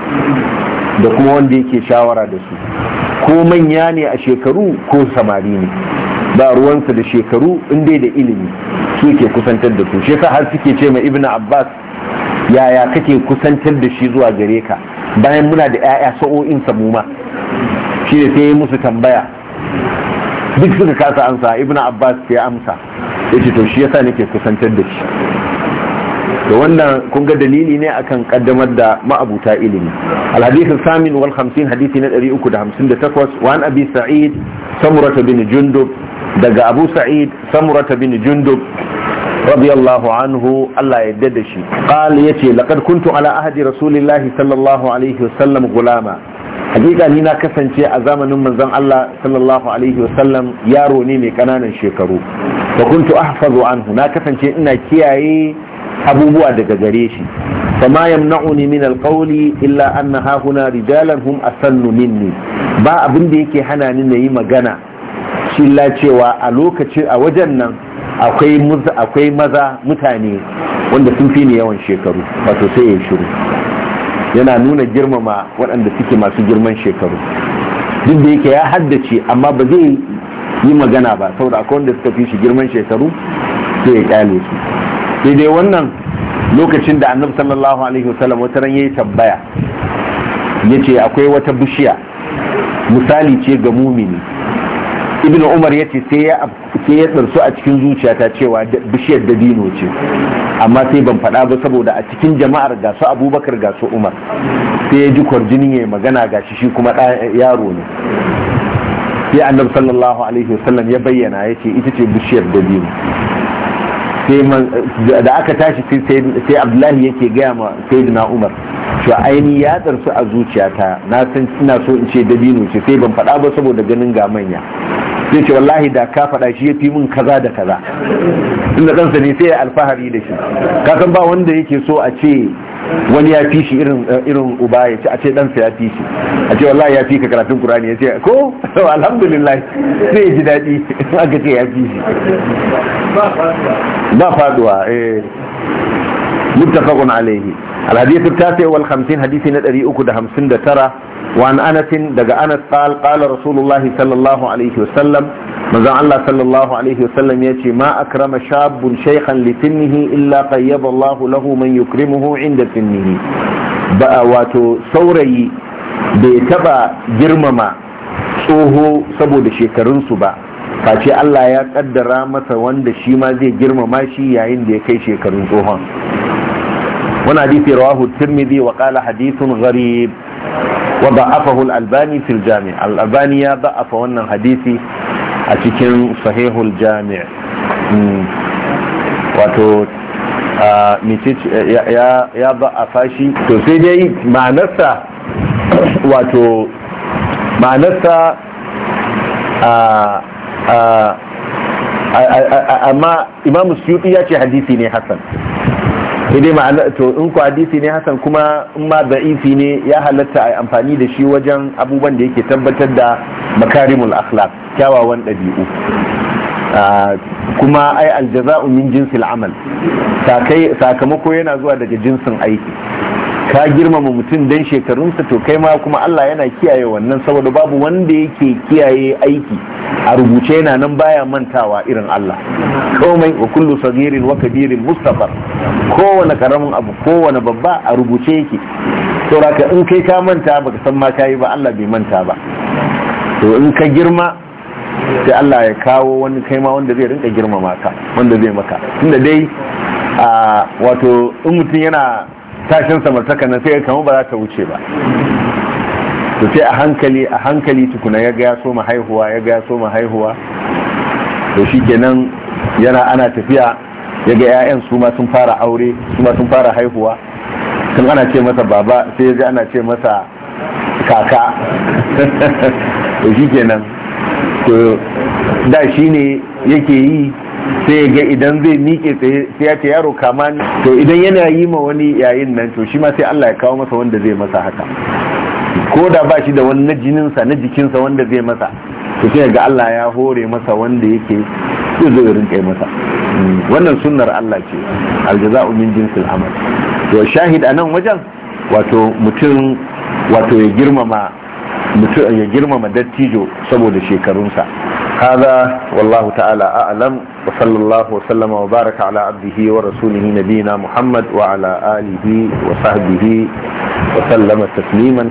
da kuma wanda yake shawara da su ko manya ne a shekaru ko samari ne ba ruwansa da shekaru inda da ilimi su ke kusantar da su shekar har suke ce ma ibn abbas yaya kake kusantar da shi zuwa gare ka bayan muna da 'ya'ya sa'o'in samuma shi da sai musu tambaya duk suka kasa amsa ibn abbas ya amsa ya ce to shi yasa nake kusantar da shi da wannan kun ga dalili ne akan kaddamar da ma'abuta ilimi alhadithin samin wal hamsin hadithi na 358 wa an abi sa'id samurata bin jundub daga abu sa'id samurata bin jundub radiyallahu anhu Allah ya yarda da shi qal yace laqad kuntu ala ahdi rasulillahi sallallahu alaihi wasallam gulama hakika ni na kasance a zamanin manzon Allah sallallahu alaihi wasallam yaro ne mai kananan shekaru fa kuntu ahfazu anhu na kasance ina kiyaye abubuwa daga gare shi ya yamna'uni min alqawli illa anna hahuna rijalan hum asannu minni ba abin da yake hana ni na yi magana shi la cewa a lokaci a wajen nan akwai maza akwai maza mutane wanda sun fi ni yawan shekaru wato sai ya shiru yana nuna girmama waɗanda suke masu girman shekaru duk da yake ya haddace amma ba zai yi magana ba saboda akwai wanda suka fi shi girman shekaru sai ya kyale su Daidai wannan lokacin da annabi sallallahu alaihi wasallam wata ran yayi tambaya yace akwai wata bishiya misali ce ga mumini ibnu umar yace sai ya sai ya tsarsu a cikin zuciyata cewa bishiyar dabino ce amma sai ban faɗa ba saboda a cikin jama'ar ga su abubakar ga su umar sai ya ji kwarjini ya magana ga shi kuma yaro ne sai annabi sallallahu alaihi wasallam ya bayyana yace ita ce bishiyar dabino da aka tashi sai abdullahi yake gaya ma na umar to aini ya tsarsu a zuciyata na san ina so in ce dabino ce sai ban faɗa ba saboda ganin ga manya sai ce wallahi da ka faɗa shi ya fi min kaza da kaza inda ɗansa ne sai ya alfahari da shi kasan ba wanda yake so a ce wani ya fi shi irin uba ya ce a ce ɗansa ya fi shi a ce wallahi ya fi ka karatun kurani ya ce ko alhamdulillah sai ya ji daɗi aka ce ya fi shi da faɗuwa wanda eh. kagon alehi alhaditai ta sai wal kamtin hadisi na ɗari uku da wa an daga anas ƙaala rasulillah sallallahu alyhi wa sallam mazaun anlaa sallallahu alyhiwa sallam ya ce ma a kraman shaykan lifin illa kaiyaba laahu lahu man kurimu inda finihin ba wato saurayi bai taɓa girmama tsoho saboda shekarun su ba. face Allah ya kaddara masa wanda shi ma zai girmama shi yayin da ya kai shekarun tsohon wani hadisi rawahu tirmidhi wa qala hadithun gharib wa da'afahu al-albani fil jami' al-albani ya da'afa wannan hadisi a cikin sahihul jami' hmm. wato ya da'afa shi to sai dai ma'anarsa wato ma'anarsa amma imam suyuti ya ce hadisi ne Hassan, ma'ana to in ku hadisi ne Hassan kuma in ma da'ifi ne ya halatta a amfani da shi wajen abubuwan da yake tabbatar da makarimul akhlaq kyawawan ɗabi'u kuma ai aljaza'u min jinsil amal sakamako yana zuwa daga jinsin aiki ka girmama mutum dan shekarunsa to kai ma kuma Allah yana kiyaye wannan saboda babu wanda yake kiyaye aiki a rubuce yana nan baya mantawa irin Allah komai wa kullu sagirin wa kabirin mustafar kowane karamin abu kowane babba a rubuce yake sauraka in kai ka manta baka san ma kayi ba Allah bai manta ba to in ka girma sai Allah ya kawo wani kai ma wanda zai rinka girmama ka wanda zai maka tunda dai wato in mutum yana tashin samartaka nan sai kama ba za ta wuce ba to sai a hankali a hankali tukuna ya ga ya soma haihuwa ya ga ya soma haihuwa to shikenan yana ana tafiya ya ga 'ya'yan su ma sun fara aure su ma sun fara haihuwa Kan ana ce masa baba sai ya ji ana ce masa kaka to shikenan to da shi ne yake yi sai ya ga idan zai miƙe sai ya ce yaro kama ni to idan yana yi ma wani yayin nan to shi ma sai Allah ya kawo masa wanda zai masa haka ko da ba shi da wani na jininsa na jikinsa wanda zai masa to sai ga Allah ya hore masa wanda yake zai zo irin kai masa hmm, wannan sunnar Allah ce aljaza'u min jinsil amal to shahid anan wajen wato mutum wato ya girmama mutum ya girmama dattijo saboda shekarunsa هذا والله تعالى أعلم وصلى الله وسلم وبارك على عبده ورسوله نبينا محمد وعلى آله وصحبه وسلم تسليما